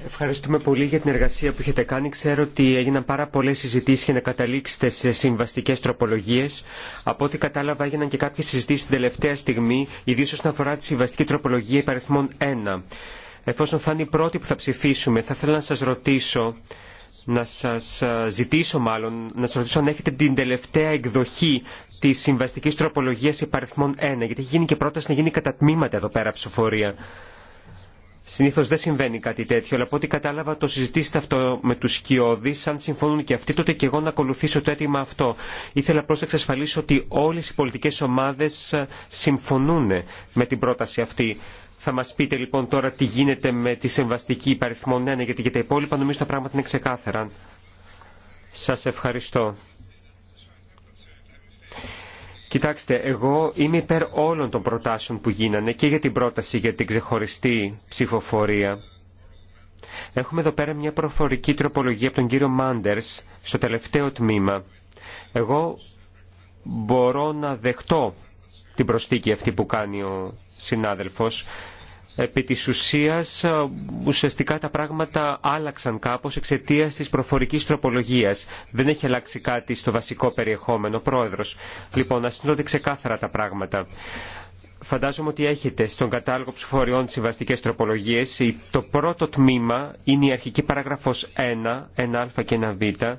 Ευχαριστούμε πολύ για την εργασία που έχετε κάνει. Ξέρω ότι έγιναν πάρα πολλές συζητήσεις για να καταλήξετε σε συμβαστικές τροπολογίες. Από ό,τι κατάλαβα έγιναν και κάποιες συζητήσεις την τελευταία στιγμή, ιδίως όσον αφορά τη συμβαστική τροπολογία υπαριθμών 1. Εφόσον θα είναι η πρώτη που θα ψηφίσουμε, θα ήθελα να σας ρωτήσω να σας ε, ζητήσω μάλλον, να σας ρωτήσω αν έχετε την τελευταία εκδοχή της συμβαστικής τροπολογίας υπαριθμών 1, γιατί έχει γίνει και πρόταση να γίνει κατά τμήματα εδώ πέρα ψηφορία. Συνήθως δεν συμβαίνει κάτι τέτοιο, αλλά από ό,τι κατάλαβα το συζητήσετε αυτό με τους σκιώδεις, αν συμφωνούν και αυτοί, τότε και εγώ να ακολουθήσω το αίτημα αυτό. Ήθελα απλώς να εξασφαλίσω ότι όλες οι πολιτικές ομάδες ε, συμφωνούν με την πρόταση αυτή. Θα μας πείτε λοιπόν τώρα τι γίνεται με τη συμβαστική ναι, ναι, γιατί για τα υπόλοιπα νομίζω τα πράγματα είναι ξεκάθαρα. Σας ευχαριστώ. Κοιτάξτε, εγώ είμαι υπέρ όλων των προτάσεων που γίνανε και για την πρόταση για την ξεχωριστή ψηφοφορία. Έχουμε εδώ πέρα μια προφορική τροπολογία από τον κύριο Μάντερς στο τελευταίο τμήμα. Εγώ μπορώ να δεχτώ την προσθήκη αυτή που κάνει ο συνάδελφος. Επί της ουσίας, ουσιαστικά τα πράγματα άλλαξαν κάπως εξαιτία της προφορικής τροπολογίας. Δεν έχει αλλάξει κάτι στο βασικό περιεχόμενο, πρόεδρος. Λοιπόν, ας είναι ξεκάθαρα τα πράγματα. Φαντάζομαι ότι έχετε στον κατάλογο ψηφοριών συμβαστικές τροπολογίες. Το πρώτο τμήμα είναι η αρχική παράγραφος 1, 1α και 1β.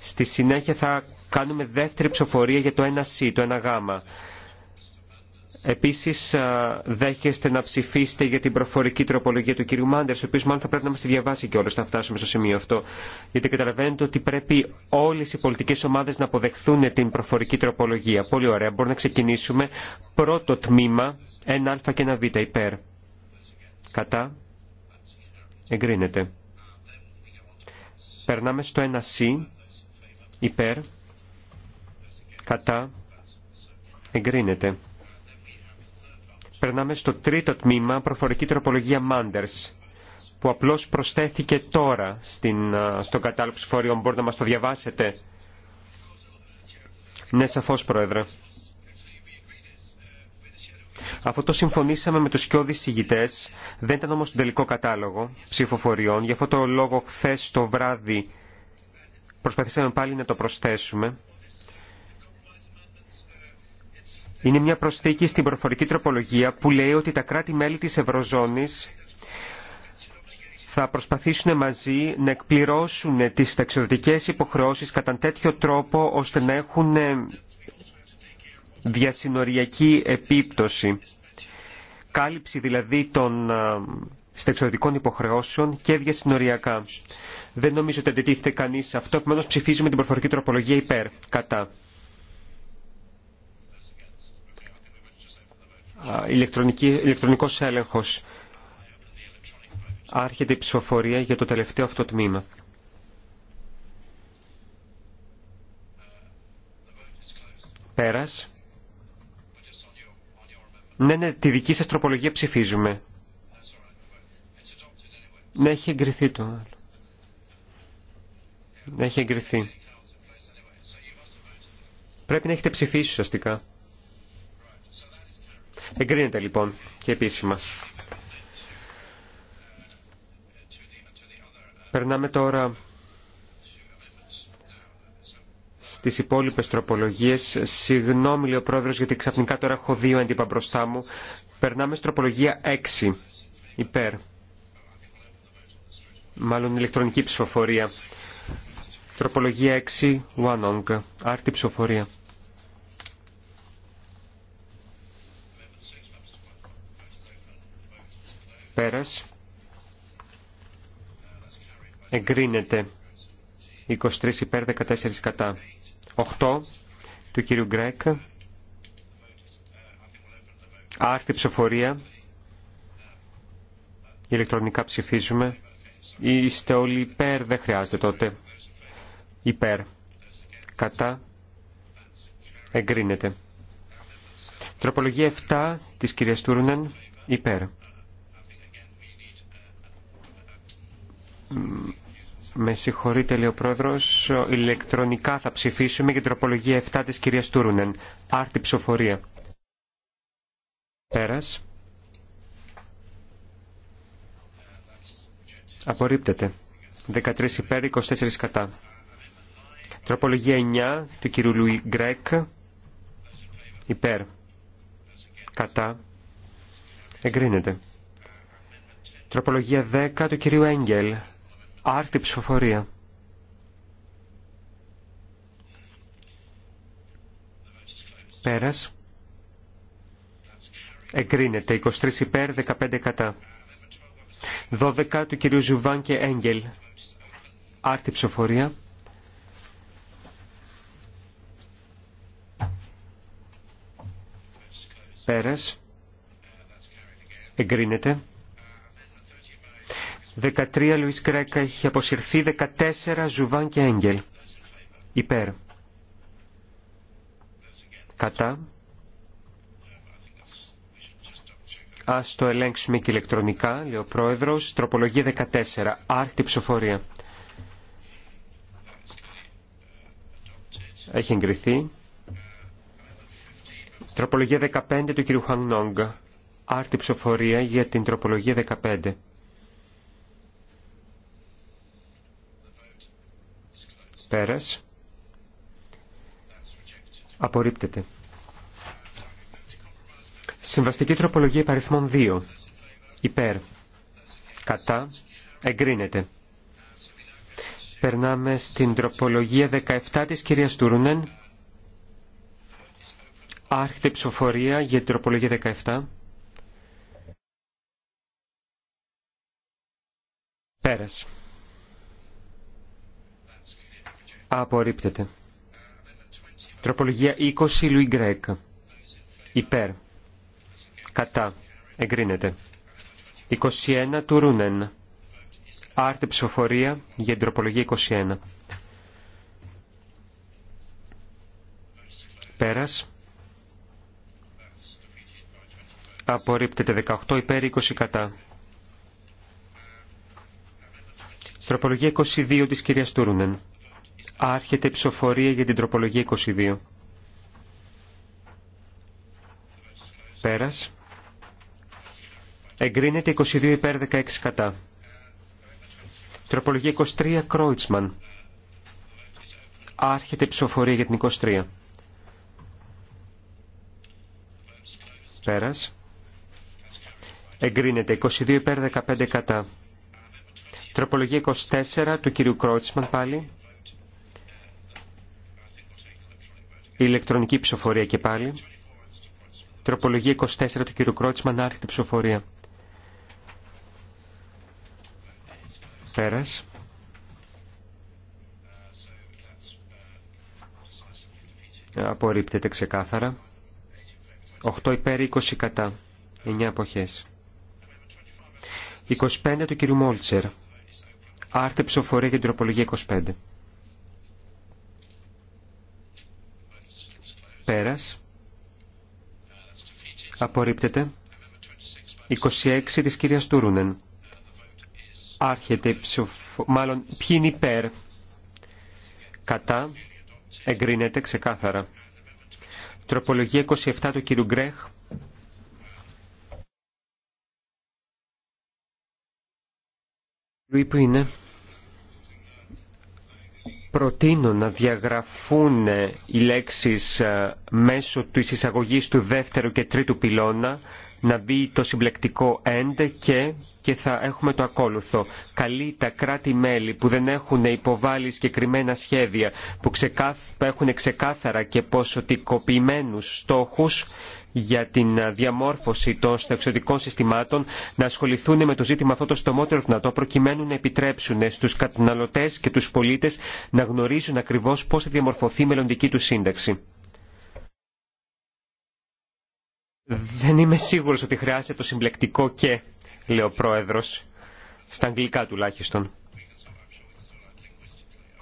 Στη συνέχεια θα κάνουμε δεύτερη ψηφορία για το 1c, το 1γ Επίσης δέχεστε να ψηφίσετε για την προφορική τροπολογία του κ. Μάντερς, ο οποίος μάλλον θα πρέπει να μας τη διαβάσει κιόλας να φτάσουμε στο σημείο αυτό. Γιατί καταλαβαίνετε ότι πρέπει όλες οι πολιτικές ομάδες να αποδεχθούν την προφορική τροπολογία. Πολύ ωραία. Μπορούμε να ξεκινήσουμε. Πρώτο τμήμα, 1α και 1β υπέρ. Κατά. Εγκρίνεται. Περνάμε στο ένα σ υπέρ, κατά, εγκρίνεται περνάμε στο τρίτο τμήμα, προφορική τροπολογία Manders, που απλώς προσθέθηκε τώρα στην, στον κατάλογο ψηφοριών. Μπορείτε να μας το διαβάσετε. Ναι, σαφώς, Πρόεδρε. Αφού το συμφωνήσαμε με τους σκιώδεις ηγητές, δεν ήταν όμως στον τελικό κατάλογο ψηφοφοριών. Γι' αυτό το λόγο χθε το βράδυ προσπαθήσαμε πάλι να το προσθέσουμε είναι μια προσθήκη στην προφορική τροπολογία που λέει ότι τα κράτη-μέλη της Ευρωζώνης θα προσπαθήσουν μαζί να εκπληρώσουν τις ταξιδιωτικές υποχρεώσεις κατά τέτοιο τρόπο ώστε να έχουν ε, διασυνοριακή επίπτωση. Κάλυψη δηλαδή των ε, στεξιωτικών υποχρεώσεων και διασυνοριακά. Δεν νομίζω ότι αντιτίθεται κανεί σε αυτό, επομένω ψηφίζουμε την προφορική τροπολογία υπέρ. Κατά. ηλεκτρονικός έλεγχος. Άρχεται η ψηφοφορία για το τελευταίο αυτό τμήμα. Πέρας. Ναι, ναι, τη δική σας τροπολογία ψηφίζουμε. Ναι, έχει εγκριθεί το άλλο. Ναι, έχει εγκριθεί. Πρέπει να έχετε ψηφίσει ουσιαστικά. Εγκρίνεται λοιπόν και επίσημα. Περνάμε τώρα στις υπόλοιπες τροπολογίες. Συγγνώμη, λέει ο πρόεδρος, γιατί ξαφνικά τώρα έχω δύο έντυπα μπροστά μου. Περνάμε στην τροπολογία 6. Υπέρ. Μάλλον ηλεκτρονική ψηφοφορία. Τροπολογία 6. One Άρτη ψηφοφορία. Πέρας. Εγκρίνεται. 23 υπέρ 14 κατά. 8 του κύριου Γκρέκ. άρθη ψηφοφορία. Ηλεκτρονικά ψηφίζουμε. Είστε όλοι υπέρ, δεν χρειάζεται τότε. Υπέρ. Κατά. Εγκρίνεται. Τροπολογία 7 της κυρίας Τούρνεν. Υπέρ. Με συγχωρείτε, λέει ο πρόεδρο. ηλεκτρονικά θα ψηφίσουμε για την τροπολογία 7 τη κυρία Τούρουνεν. Άρτη ψηφοφορία. Πέρα. Απορρίπτεται. 13 υπέρ, 24 κατά. Τροπολογία 9 του κυρίου Λουί Γκρέκ. Υπέρ. Κατά. Εγκρίνεται. Τροπολογία 10 του κυρίου Έγγελ. Άρτη ψηφοφορία. Πέρας. Εγκρίνεται. 23 υπέρ, 15 κατά. 12 του κυρίου Ζουβάν και Έγγελ. Άρτη ψηφοφορία. Πέρας. Εγκρίνεται. 13 Λουίς Κρέκα έχει αποσυρθεί, 14 Ζουβάν και Έγγελ. Υπέρ. Κατά. Α το ελέγξουμε και ηλεκτρονικά, λέει ο πρόεδρο. Τροπολογία 14. Άρτη ψηφοφορία. Έχει εγκριθεί. Τροπολογία 15 του κ. Χουαγνόγκα. Άρτη ψηφοφορία για την τροπολογία 15. Πέρας. Απορρίπτεται. Συμβαστική τροπολογία υπαριθμών 2. Υπέρ. Κατά. Εγκρίνεται. Περνάμε στην τροπολογία 17 της κυρίας Τούρουνεν. Άρχεται ψηφοφορία για την τροπολογία 17. Πέρας. Απορρίπτεται. Τροπολογία 20 Λουί Υπέρ. Κατά. Εγκρίνεται. 21 του Ρούνεν. Άρτε ψηφοφορία για την τροπολογία 21. Πέρας. Απορρίπτεται 18 υπέρ 20 κατά. Τροπολογία 22 της κυρίας Τούρουνεν. Άρχεται ψηφοφορία για την τροπολογία 22. Πέρας. Εγκρίνεται 22 υπέρ 16 κατά. Τροπολογία 23 Κρόιτσμαν. Άρχεται ψηφοφορία για την 23. Πέρας. Εγκρίνεται 22 υπέρ 15 κατά. Τροπολογία 24 του κυρίου Κρότσμαν πάλι. Η ηλεκτρονική ψηφοφορία και πάλι. Τροπολογία 24 του κ. Κρότσμαν, άρχεται ψηφοφορία. Πέρας. Απορρίπτεται ξεκάθαρα. 8 υπέρ 20 κατά. 9 αποχές. 25 του κ. Μόλτσερ. Άρτε ψηφοφορία για την τροπολογία 25. Πέρας. Απορρίπτεται. 26 της κυρίας Τούρουνεν. Άρχεται ψηφο... Μάλλον, ποιοι είναι υπέρ. Κατά. Εγκρίνεται ξεκάθαρα. Τροπολογία 27 του κύριου Γκρέχ. Που είναι προτείνω να διαγραφούν οι λέξεις ε, μέσω του εισαγωγής του δεύτερου και τρίτου πυλώνα, να μπει το συμπλεκτικό end και, και θα έχουμε το ακόλουθο. Καλή τα κράτη-μέλη που δεν έχουν υποβάλει συγκεκριμένα σχέδια, που, ξεκάθ, που έχουν ξεκάθαρα και ποσοτικοποιημένους στόχους, για την ε, διαμόρφωση των στεξιωτικών συστημάτων να ασχοληθούν με το ζήτημα αυτό το στομότερο δυνατό προκειμένου να επιτρέψουν στους καταναλωτές και τους πολίτες να γνωρίζουν ακριβώς πώς θα διαμορφωθεί η μελλοντική του σύνταξη. Δεν είμαι σίγουρος ότι χρειάζεται το συμπλεκτικό και, λέει ο Πρόεδρος, στα αγγλικά τουλάχιστον.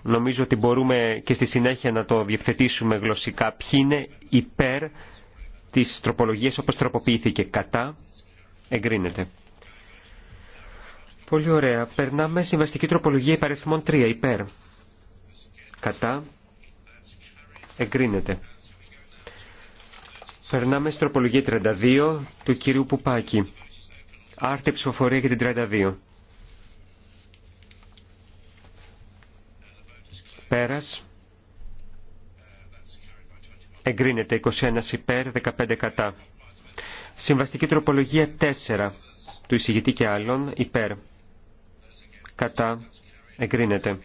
Νομίζω ότι μπορούμε και στη συνέχεια να το διευθετήσουμε γλωσσικά. Ποιοι είναι υπέρ τις τροπολογίες όπως τροποποιήθηκε. Κατά εγκρίνεται. Πολύ ωραία. Περνάμε στη συμβαστική τροπολογία υπαριθμών 3 υπέρ. Κατά εγκρίνεται. Περνάμε στη τροπολογία 32 του κυρίου Πουπάκη. Άρτη ψηφοφορία για την 32. Πέρας εγκρίνεται 21 υπέρ 15 κατά. Συμβαστική τροπολογία 4 του εισηγητή και άλλων υπέρ κατά εγκρίνεται.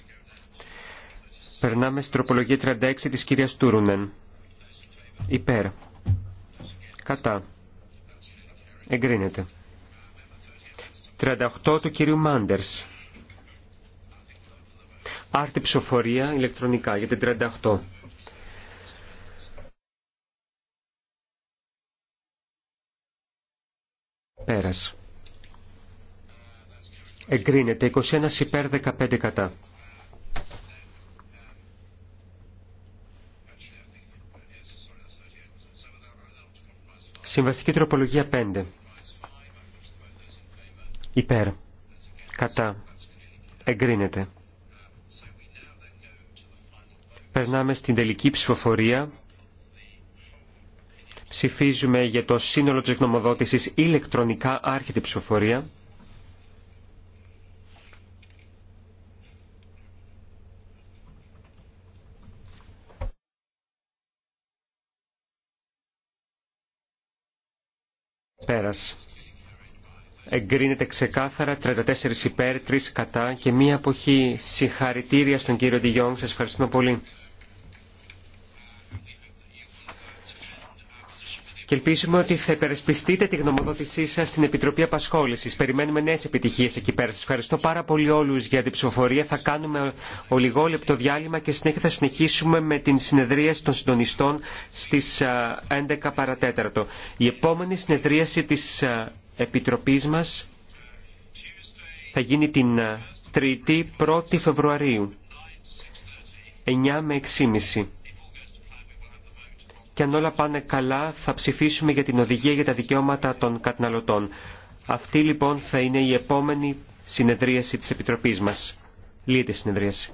Περνάμε στην τροπολογία 36 της κυρίας Τούρουνεν. Υπέρ. Κατά. Εγκρίνεται. 38 του κυρίου Μάντερς. Άρτη ψηφοφορία ηλεκτρονικά για την 38. πέρας. Εγκρίνεται 21 υπέρ 15 κατά. Συμβαστική τροπολογία 5. Υπέρ. Κατά. Εγκρίνεται. Περνάμε στην τελική ψηφοφορία Ψηφίζουμε για το σύνολο της γνωμοδότησης ηλεκτρονικά άρχεται ψηφοφορία. Πέρας. Εγκρίνεται ξεκάθαρα 34 υπέρ, 3 κατά και μία αποχή. Συγχαρητήρια στον κύριο Ντιγιόγκ. Σας ευχαριστούμε πολύ. και ελπίζουμε ότι θα υπερασπιστείτε τη γνωμοδότησή σα στην Επιτροπή Απασχόληση. Περιμένουμε νέε επιτυχίε εκεί πέρα. Σα ευχαριστώ πάρα πολύ όλου για την ψηφοφορία. Θα κάνουμε ο ολιγόλεπτο διάλειμμα και συνέχεια θα συνεχίσουμε με την συνεδρίαση των συντονιστών στι 11 παρατέταρτο. Η επόμενη συνεδρίαση τη Επιτροπή μα θα γίνει την 3η 1η Φεβρουαρίου. 9 με 6.30 και αν όλα πάνε καλά θα ψηφίσουμε για την οδηγία για τα δικαιώματα των καταναλωτών. Αυτή λοιπόν θα είναι η επόμενη συνεδρίαση της Επιτροπής μας. Λύεται συνεδρίαση.